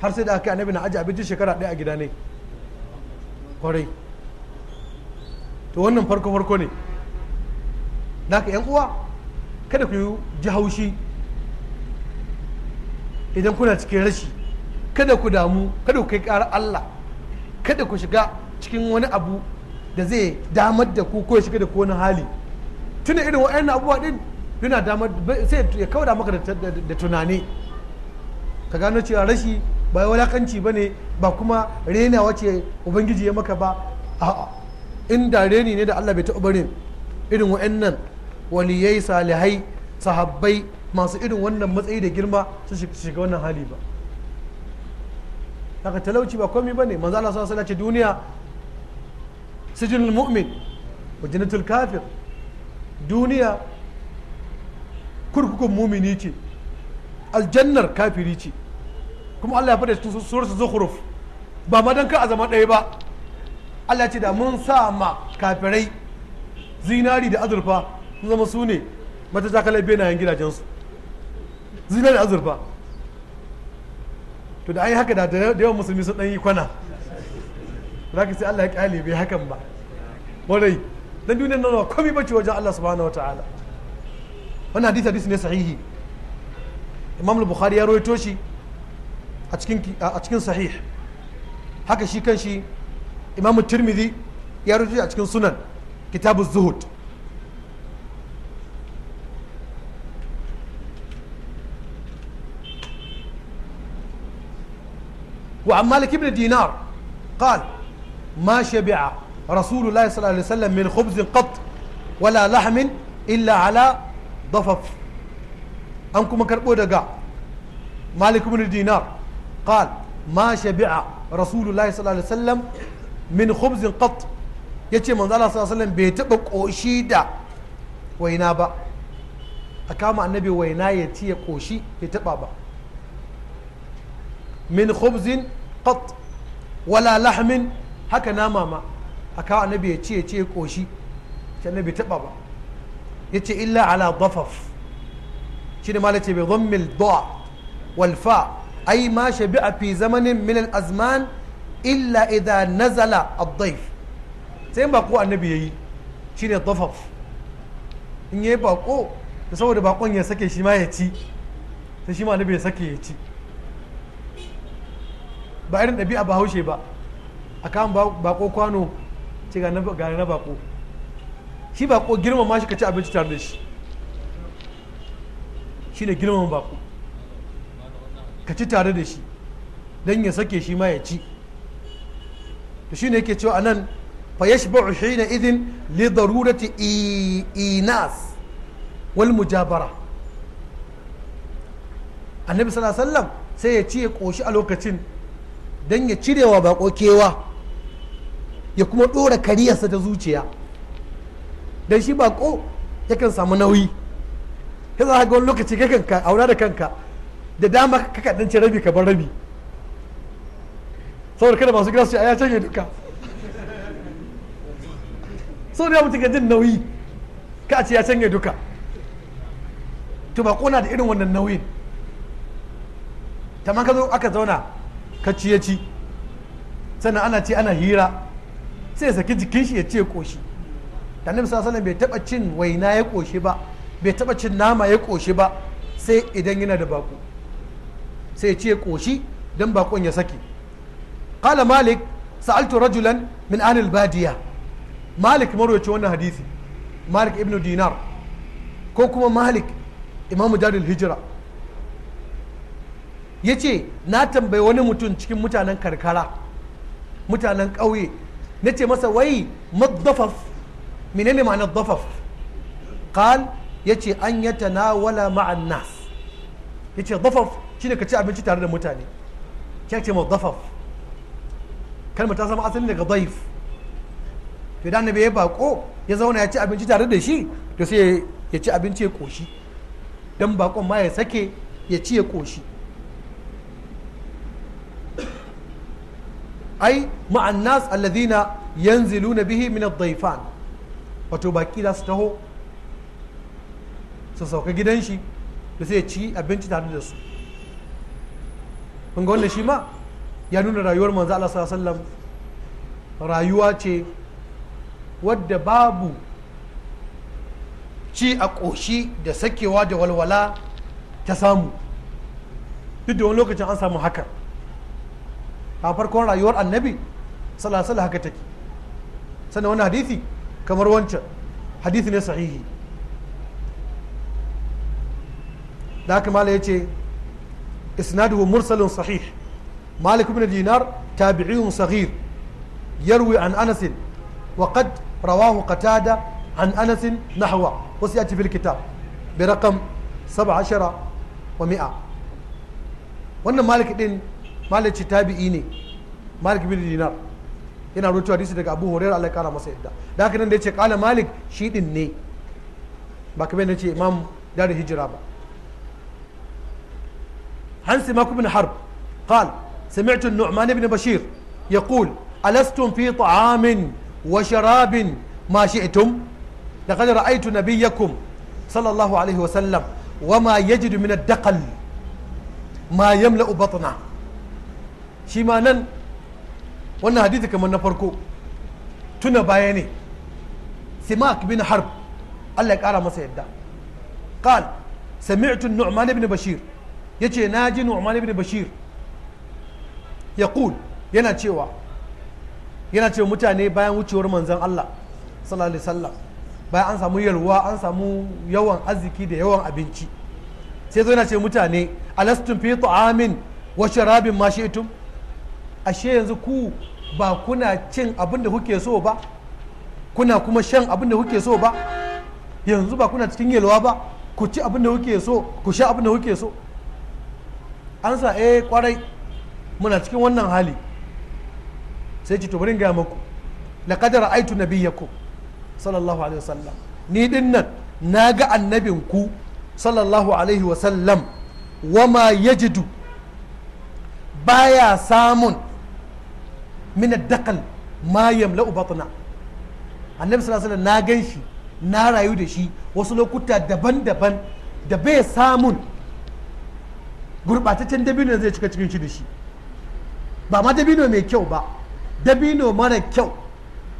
har sai da aka annabi na aji abinci shekara ɗaya a gida ne kwarai to wannan farko farko ne da haka yan uwa kada ku yi ji haushi idan kuna cikin rashi kada ku damu kada ku kai ƙarar allah kada ku shiga cikin wani abu da zai damar da ku ko ya shiga da ku wani hali tuna irin wa'annan abubuwa din yana damar sai ya kauda maka da tunani ka gano cewa rashi ba wulakanci ba ne ba kuma rena wace ubangiji ya maka ba a'a inda reni ne da allah bai taɓa bari irin wa'annan waliyai salihai sahabbai masu irin wannan matsayi da girma su shiga wannan hali ba haka talauci ba komi ba ne manzo allah sallallahu duniya sijinul mu'min wa jannatul kafir duniya kurkukun mumini ce aljannar kafiri ce kuma Allah ya fada su suratul zuhruf ba ma dan ka a zama ɗaya ba Allah ce da mun sa ma kafirai zinari da azurfa sun zama su ne mata takalai benayen gidajensu zinari da azurfa to da an yi haka da yawan musulmi sun ɗan yi kwana za ka sai Allah ya ƙyale bai hakan ba dan duniyar nan ba komai bace wajen Allah subhanahu wataala wannan hadisi hadisi ne sahihi Imam al-Bukhari ya rawaito shi a cikin a cikin sahih haka shi kan shi Imam Tirmidhi ya rawaito a cikin sunan kitabu zuhud وعن مالك بن دينار قال ما شبع rasulullahi sallallahu alaihi min khubzin wala lahmin illa ala dafaf an kuma karbo daga malik ibn dinar ma shabi'a rasulullahi sallallahu alaihi min khubzin qat yace manzo Allah sallallahu alaihi wasallam bai taba koshi da waina ba a kama annabi waina ya ci koshi bai taba ba min khubzin qat wala lahmin haka na mama. a kawo annabi ya ce ya ce koshi shi annabi taba ba ya ce illa ala dafaf shi ne malace bai zon mil do'a walfa ai ma shabi a fi zamanin min azman illa idan nazala abdaif sai bako annabi ya yi shi ne dafaf in ya yi bako da saboda bakon ya sake shi ma ya ci sai shi ma annabi ya sake ya ci ba irin ɗabi'a ba haushe ba a kan bako kwano ce ga na bako shi bako girmama shi ka ci abinci tare da shi shi ne girmama bako ka ci tare da shi don ya sake shi ma ya ci to shi ne yake cewa anan fa yashba'u hina idhin li darurati inas wal mujabara annabi sallallahu alaihi wasallam sai ya ci ya koshi a lokacin don ya cirewa bako kewa ya kuma ɗora kariyarsa ta zuciya dan shi ko yakan samu nauyi ka za ga wani lokaci ka kanka aura da kanka da dama ka kaɗan ci rabi ka bar rabi saboda kada masu gina su ya canje duka saboda ya mutu ga jin nauyi ka ce ya canje duka to ba kona da irin wannan nauyin tamma ka zo aka zauna ka ciye ci sannan ana ci ana hira sai ya saki jikin shi ya ce koshi da sallallahu bai taba cin waina ya koshi ba bai taba cin nama ya koshi ba sai idan yana da bako sai ya ce koshi dan bakon ya saki qala malik sa'altu rajulan min ahli al-badiya malik marwaci wannan hadisi malik ibnu dinar ko kuma malik imamu darul Hijra ya ce na tambayi wani mutum cikin mutanen karkara mutanen ƙauye na ce masa wai maddafaf menene ma'anar dafaf kal yace an yatanawala ma'an nas yace dafaf ne ka ci abinci tare da mutane shi ce dafaf kalmar ta zama asali daga baif. to da annabi ya bako ya zauna ya ci abinci tare da shi to sai ya ci abinci ya ƙoshi dan baƙon ma ya sake ya ci ya ƙoshi. ai ma'annas nas alladhina yanziluna bihi min ad-dayfan wato baki za su taho su sauka gidan shi da sai ci abinci tare da su kun ga wannan shi ma ya nuna rayuwar manzo Allah sallallahu alaihi wasallam rayuwa ce wadda babu ci a ƙoshi da sakewa da walwala ta samu duk da wani lokacin an samu hakan a farkon rayuwar annabi salasala haka take sannan wani hadithi kamar wancan hadithi ne sahihi da haka mala ya ce isnaduhu mursalin sahih malik ibn dinar tabi'iyun saghir yarwi an anasin wa qad rawahu qatada an anasin nahwa wasu ya ci fil kitab bi raqam 17 wa mi'a wannan malik din malici tabi'i ne malik bin dinar yana rutu hadisi daga abu hurairah Allah ya kara masa yadda da haka nan da yace qala malik shi din ne ba kamar yace imam dare hijira ba hans ma kubin harb qal sami'tu nu'man ibn bashir yaqul alastum fi ta'amin wa sharabin ma shi'tum laqad ra'aytu nabiyyakum sallallahu alaihi wa sallam وما يجد من الدقل ما يملأ بطنه shi ma nan wannan hadithi kamar na farko tuna baya ne simak bin harb Allah ya kara masa yadda qal sami'tu nu'man ibn bashir yace naji nu'man ibn bashir yaqul yana cewa yana cewa mutane bayan wucewar manzon Allah sallallahu alaihi wasallam bayan an samu yalwa an samu yawan arziki da yawan abinci sai zo yana ce mutane alastum fi ta'amin wa sharabin ma shi'tum ashe yanzu ku ba kuna cin abin da kuke so ba kuna kuma shan abin da kuke so ba yanzu ba kuna cikin yalwa ba ku ci abin da kuke so ku sha abin da kuke so an sa eh kwarai muna cikin wannan hali sai ci to bari ga muku laqad ra'aytu nabiyyakum sallallahu alaihi wasallam ni din nan na ga annabin ku sallallahu alaihi wasallam ma yajidu baya samun min ad-daqal ma yamla batna annabi sallallahu alaihi na ganshi na rayu da shi wasu lokuta daban-daban da bai samun gurbataccen dabino zai cika cikin shi da shi ba ma dabino mai kyau ba dabino mara kyau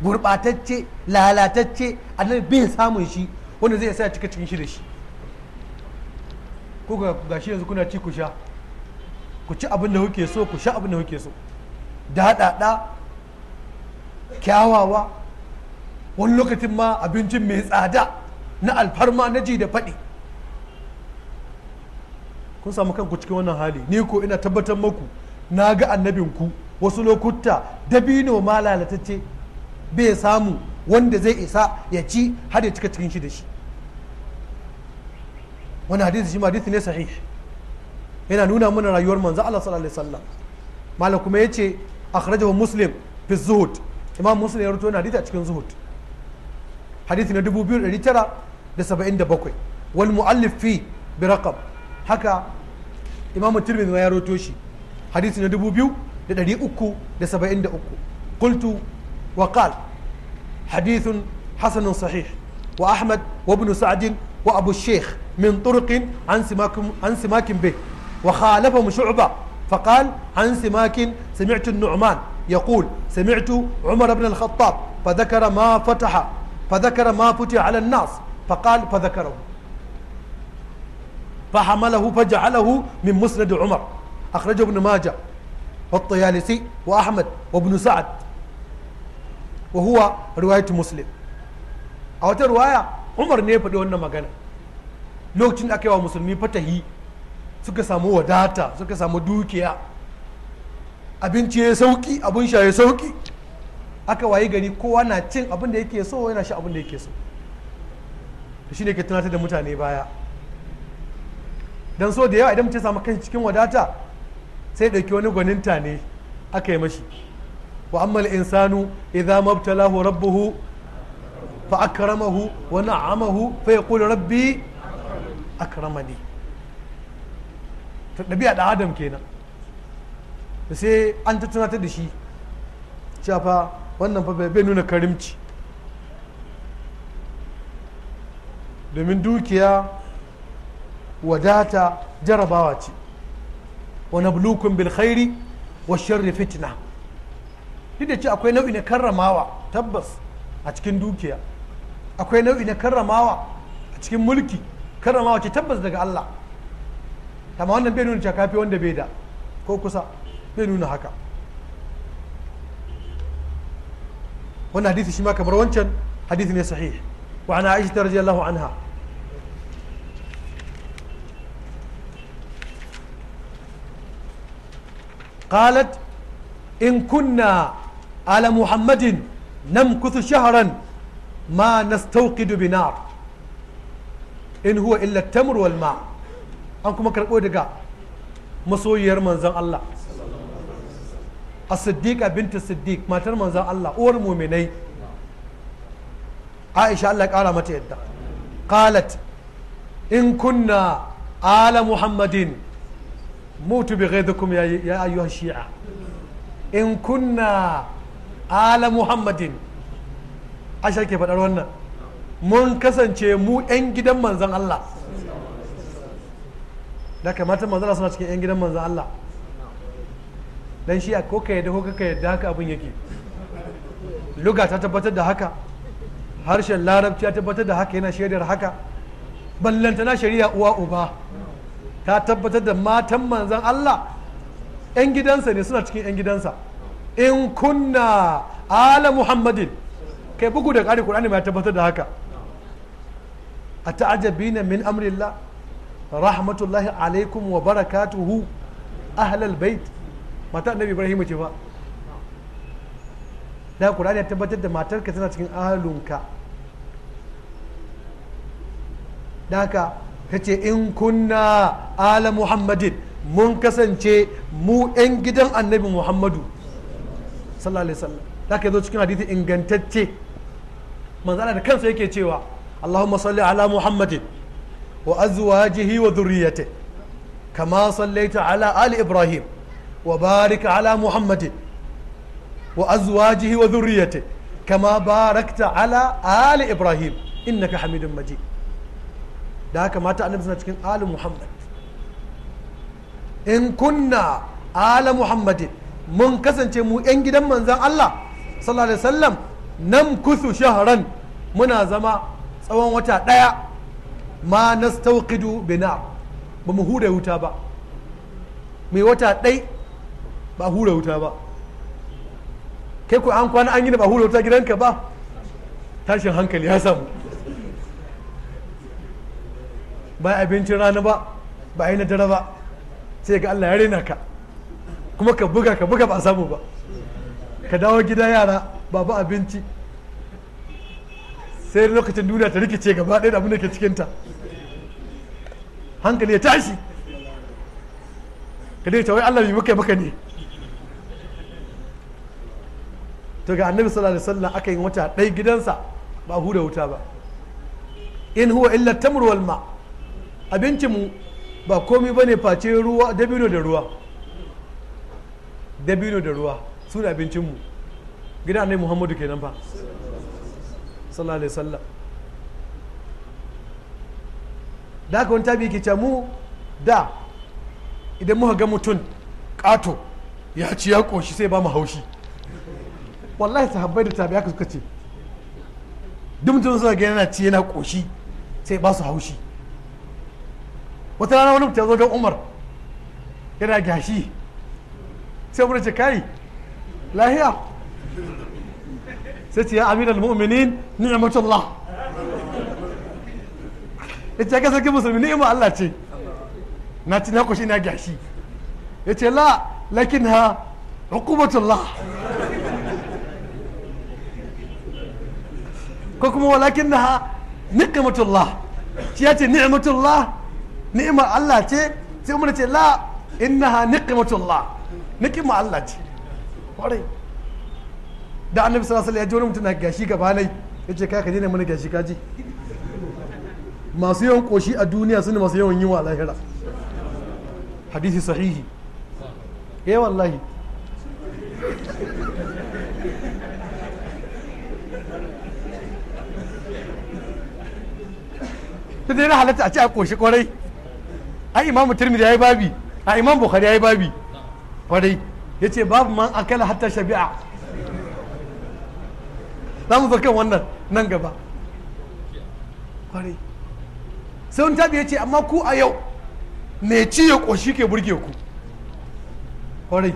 gurbatacce lalatacce annabi bai samun shi wanda zai sa cika cikin shi da shi ko ga shi yanzu kuna ci ku sha ku ci abin da kuke so ku sha abin da kuke so daɗaɗa kyawawa wani lokacin ma abincin mai tsada na alfarma na ji da faɗi kun samu kanku cikin wannan hali ni ko ina tabbatar maku na ga annabinku wasu lokuta dabino ma lalatacce bai samu wanda zai isa ya ci har ya cika cikin shi da shi wani hadisi shi hadisi ne sahih yana nuna mana rayuwar manzo Allah sallallahu alaihi wasallam malam kuma yace akhrajahu muslim fi zuhud imam muslim ya rubuta wannan hadisi a cikin zuhud hadisi na 2977 wal muallif fi bi raqam haka imam tirmidhi ya rubuto shi hadisi na 2373 qultu wa qala hadithun Hassanun sahih wa ahmad wa ibn sa'd wa abu shaykh min turuqin an simakin an simakin bih wa khalafa shu'bah فقال عن سماك سمعت النعمان يقول سمعت عمر بن الخطاب فذكر ما فتح فذكر ما فتح على الناس فقال فذكره فحمله فجعله من مسند عمر أخرجه ابن ماجه والطيالسي وأحمد وابن سعد وهو رواية مسلم أو رواية عمر نيفد وانا مغانا لوكتين أكيوا مسلمين فتهي suka samu wadata suka samu dukiya abinci ya sauki abin sha ya sauki aka wayi gari kowa na cin abin da yake so yana sha abin da yake so shi ne ke tunatar da mutane baya don so da yawa idan mutum samu kan cikin wadata sai ɗauki wani gwaninta ne aka yi mashi wa ammal insanu idza mabtalahu rabbuhu fa akramahu wa na'amahu fa yaqulu rabbi akramani to ɗabi'a ɗan adam kenan da sai an ta tunatar da shi cewa fa wannan fa bai nuna karimci domin dukiya wadata jarabawa ce wa nablukun bil khairi wa sharri fitna duk da ce akwai nau'i na karramawa tabbas a cikin dukiya akwai nau'i na karramawa a cikin mulki karramawa ce tabbas daga Allah amma wannan bai nuna cewa kafi wanda bai da ko kusa bai nuna haka wannan hadisi shi ma kamar wancan hadisi ne sahih wa ana aisha radiyallahu anha قالت إن كنا على محمد نمكث شهرا ما نستوقد بنار إن هو إلا التمر والماء an kuma karɓo daga masoyiyar manzan Allah a siddiƙa binta siddiq matar manzan Allah uwar muminai aisha Allah ƙara mata yadda qalat in kunna ala muhammadin mutu bi ghaidikum ya ayyuha shi'a in kunna ala muhammadin aisha ke faɗar wannan mun kasance mu 'yan gidan manzan Allah da kamata manzala suna cikin 'yan gidan manzan Allah dan shi ko ka yadda ko ka yadda haka abin yake luga ta tabbatar da haka harshen larabci ya tabbatar da haka yana shaidar haka ballantana shari'a uwa uba ta tabbatar da matan manzan Allah 'yan gidansa ne suna cikin 'yan gidansa in kunna ala muhammadin kai bugu da ƙari ƙur'ani ma ya tabbatar da haka a ta'ajabi na min amrillah rahmatullahi alaikum wa barakatuhu ahlal bait mata annabi ibrahim ce ba da qur'ani ya tabbatar da matarka tana cikin ahlunka da haka ce in kunna ala muhammadin mun kasance mu 'yan gidan annabi muhammadu sallallahu alaihi wasallam da ka zo cikin hadithi ingantacce manzana da kansa yake cewa allahumma salli ala muhammadin وأزواجه وذريته كما صليت على آل إبراهيم وبارك على محمد وأزواجه وذريته كما باركت على آل إبراهيم إنك حميد مجيد da haka mata annabi suna cikin ali muhammad in kunna ala muhammadin mun kasance mu yan gidan manzan allah sallallahu alaihi wasallam nan kusu shaharan muna zama tsawon wata ɗaya ma nastawqidu bina ba mu hura wuta ba mai wata ɗai ba hura wuta ba kai ku an kwana an yi ba hura wuta gidanka ba tashin hankali ya samu ba abincin rana ba ba yi na dare ba sai ga Allah ya rena ka kuma ka buga ka buga ba samu ba ka dawo gida yara ba ba abinci sai lokacin duniya ta rikice gaba ɗaya da abin da ke cikinta hankali ya tashi ka dai wai Allah bai muka maka ne to ga annabi sallallahu alaihi wasallam aka yi wata ɗai gidansa ba huda wuta ba in huwa illa tamr wal ma abinci mu ba komai bane face ruwa dabino da ruwa dabino da ruwa su ne abincin mu gidan annabi muhammadu kenan ba sallallahu alaihi wasallam da haka wani tabi ke ce mu da idan muka ga mutum ƙato ya ci ya koshi sai ba mu haushi wallahi sahabbai da tabi haka suka ce duk mutum suka ga yana ci yana koshi sai ba su haushi wata rana wani mutum ya zo ga umar yana gashi sai wani ce kai lahiya sai ce ya al mu'minin ni'matullah ya ce kasar musulmi ni'ima Allah ce na ci na kushi na gashi ya ce la lakin ha hukumatullah ko kuma walakin na ha ni'imatullah shi ya ce ni'imatullah ni'ima Allah ce sai umar ce la innaha niqimatullah niqima Allah ce kwarai da annabi sallallahu alaihi wasallam ya ji wani mutum na gashi gaba lai yace kai ka ne mana gashi kaji masu yawan koshi a duniya su ne masu yawan wa lahira hadisi sahihi eh wallahi ta dai na halatta a ce a koshi kwarai a imamu turmidi ya yi babi a imam bukhari ya yi babi kwarai ya ce babu man akala hatta shabi'a za mu zo kan wannan nan gaba kwarai sai wani tabi ya ce amma ku a yau me ci ya ƙoshi ke burge ku kwarai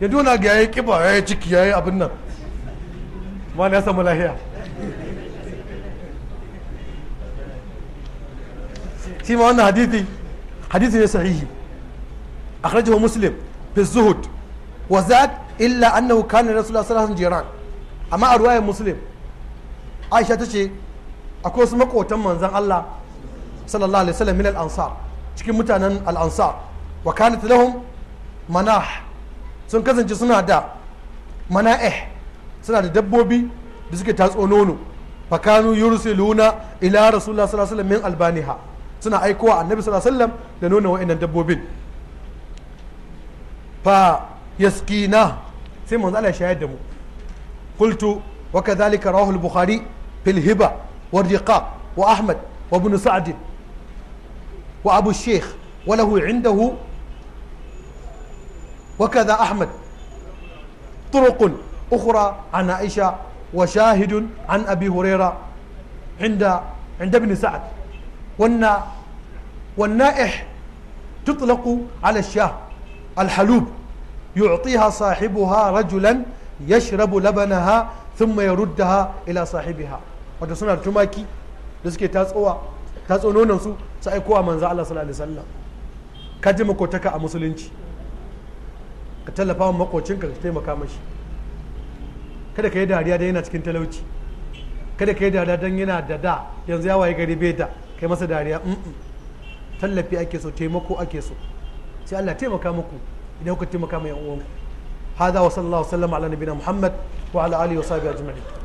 ya dona ga yayi kiba yayi ciki yayi abin nan ma na samu lahiya shi ma wannan hadithi hadithi ne sahihi akhrajahu muslim fi zuhud wa zak illa annahu kana rasulullah sallallahu alaihi jiran amma a ruwayar muslim aisha tace akwai wasu makotan manzon Allah sallallahu alaihi wasallam min al-ansar cikin mutanen al-ansar wa kanat lahum manah sun kasance suna da mana'ih suna da dabbobi da suke tatso nono fakanu yursiluna ila rasulullah sallallahu alaihi wasallam min albaniha suna aikowa annabi sallallahu alaihi wasallam da nono wa'annan dabbobin fa yaskina sai manzo Allah shayar da mu qultu wa kadhalika rawahu al-bukhari fil hiba wa riqaq wa ahmad wa ibn sa'd وأبو الشيخ وله عنده وكذا أحمد طرق أخرى عن عائشة وشاهد عن أبي هريرة عند عند ابن سعد والنا والنائح تطلق على الشاه الحلوب يعطيها صاحبها رجلا يشرب لبنها ثم يردها إلى صاحبها wato suna لسكي تاسوا tatso nan su su aiko a manzo Allah sallallahu alaihi wasallam ka ji makotaka a musulunci ka tallafa wa makocinka ka taimaka mashi kada ka yi dariya dan yana cikin talauci kada ka yi dariya dan yana da da yanzu ya waye gari beta kai masa dariya tallafi ake so taimako ake so sai Allah taimaka muku idan kuka taimaka mai yan uwanku hada wa sallallahu alaihi wasallam ala Nabina muhammad wa ala alihi wa sahbihi ajma'in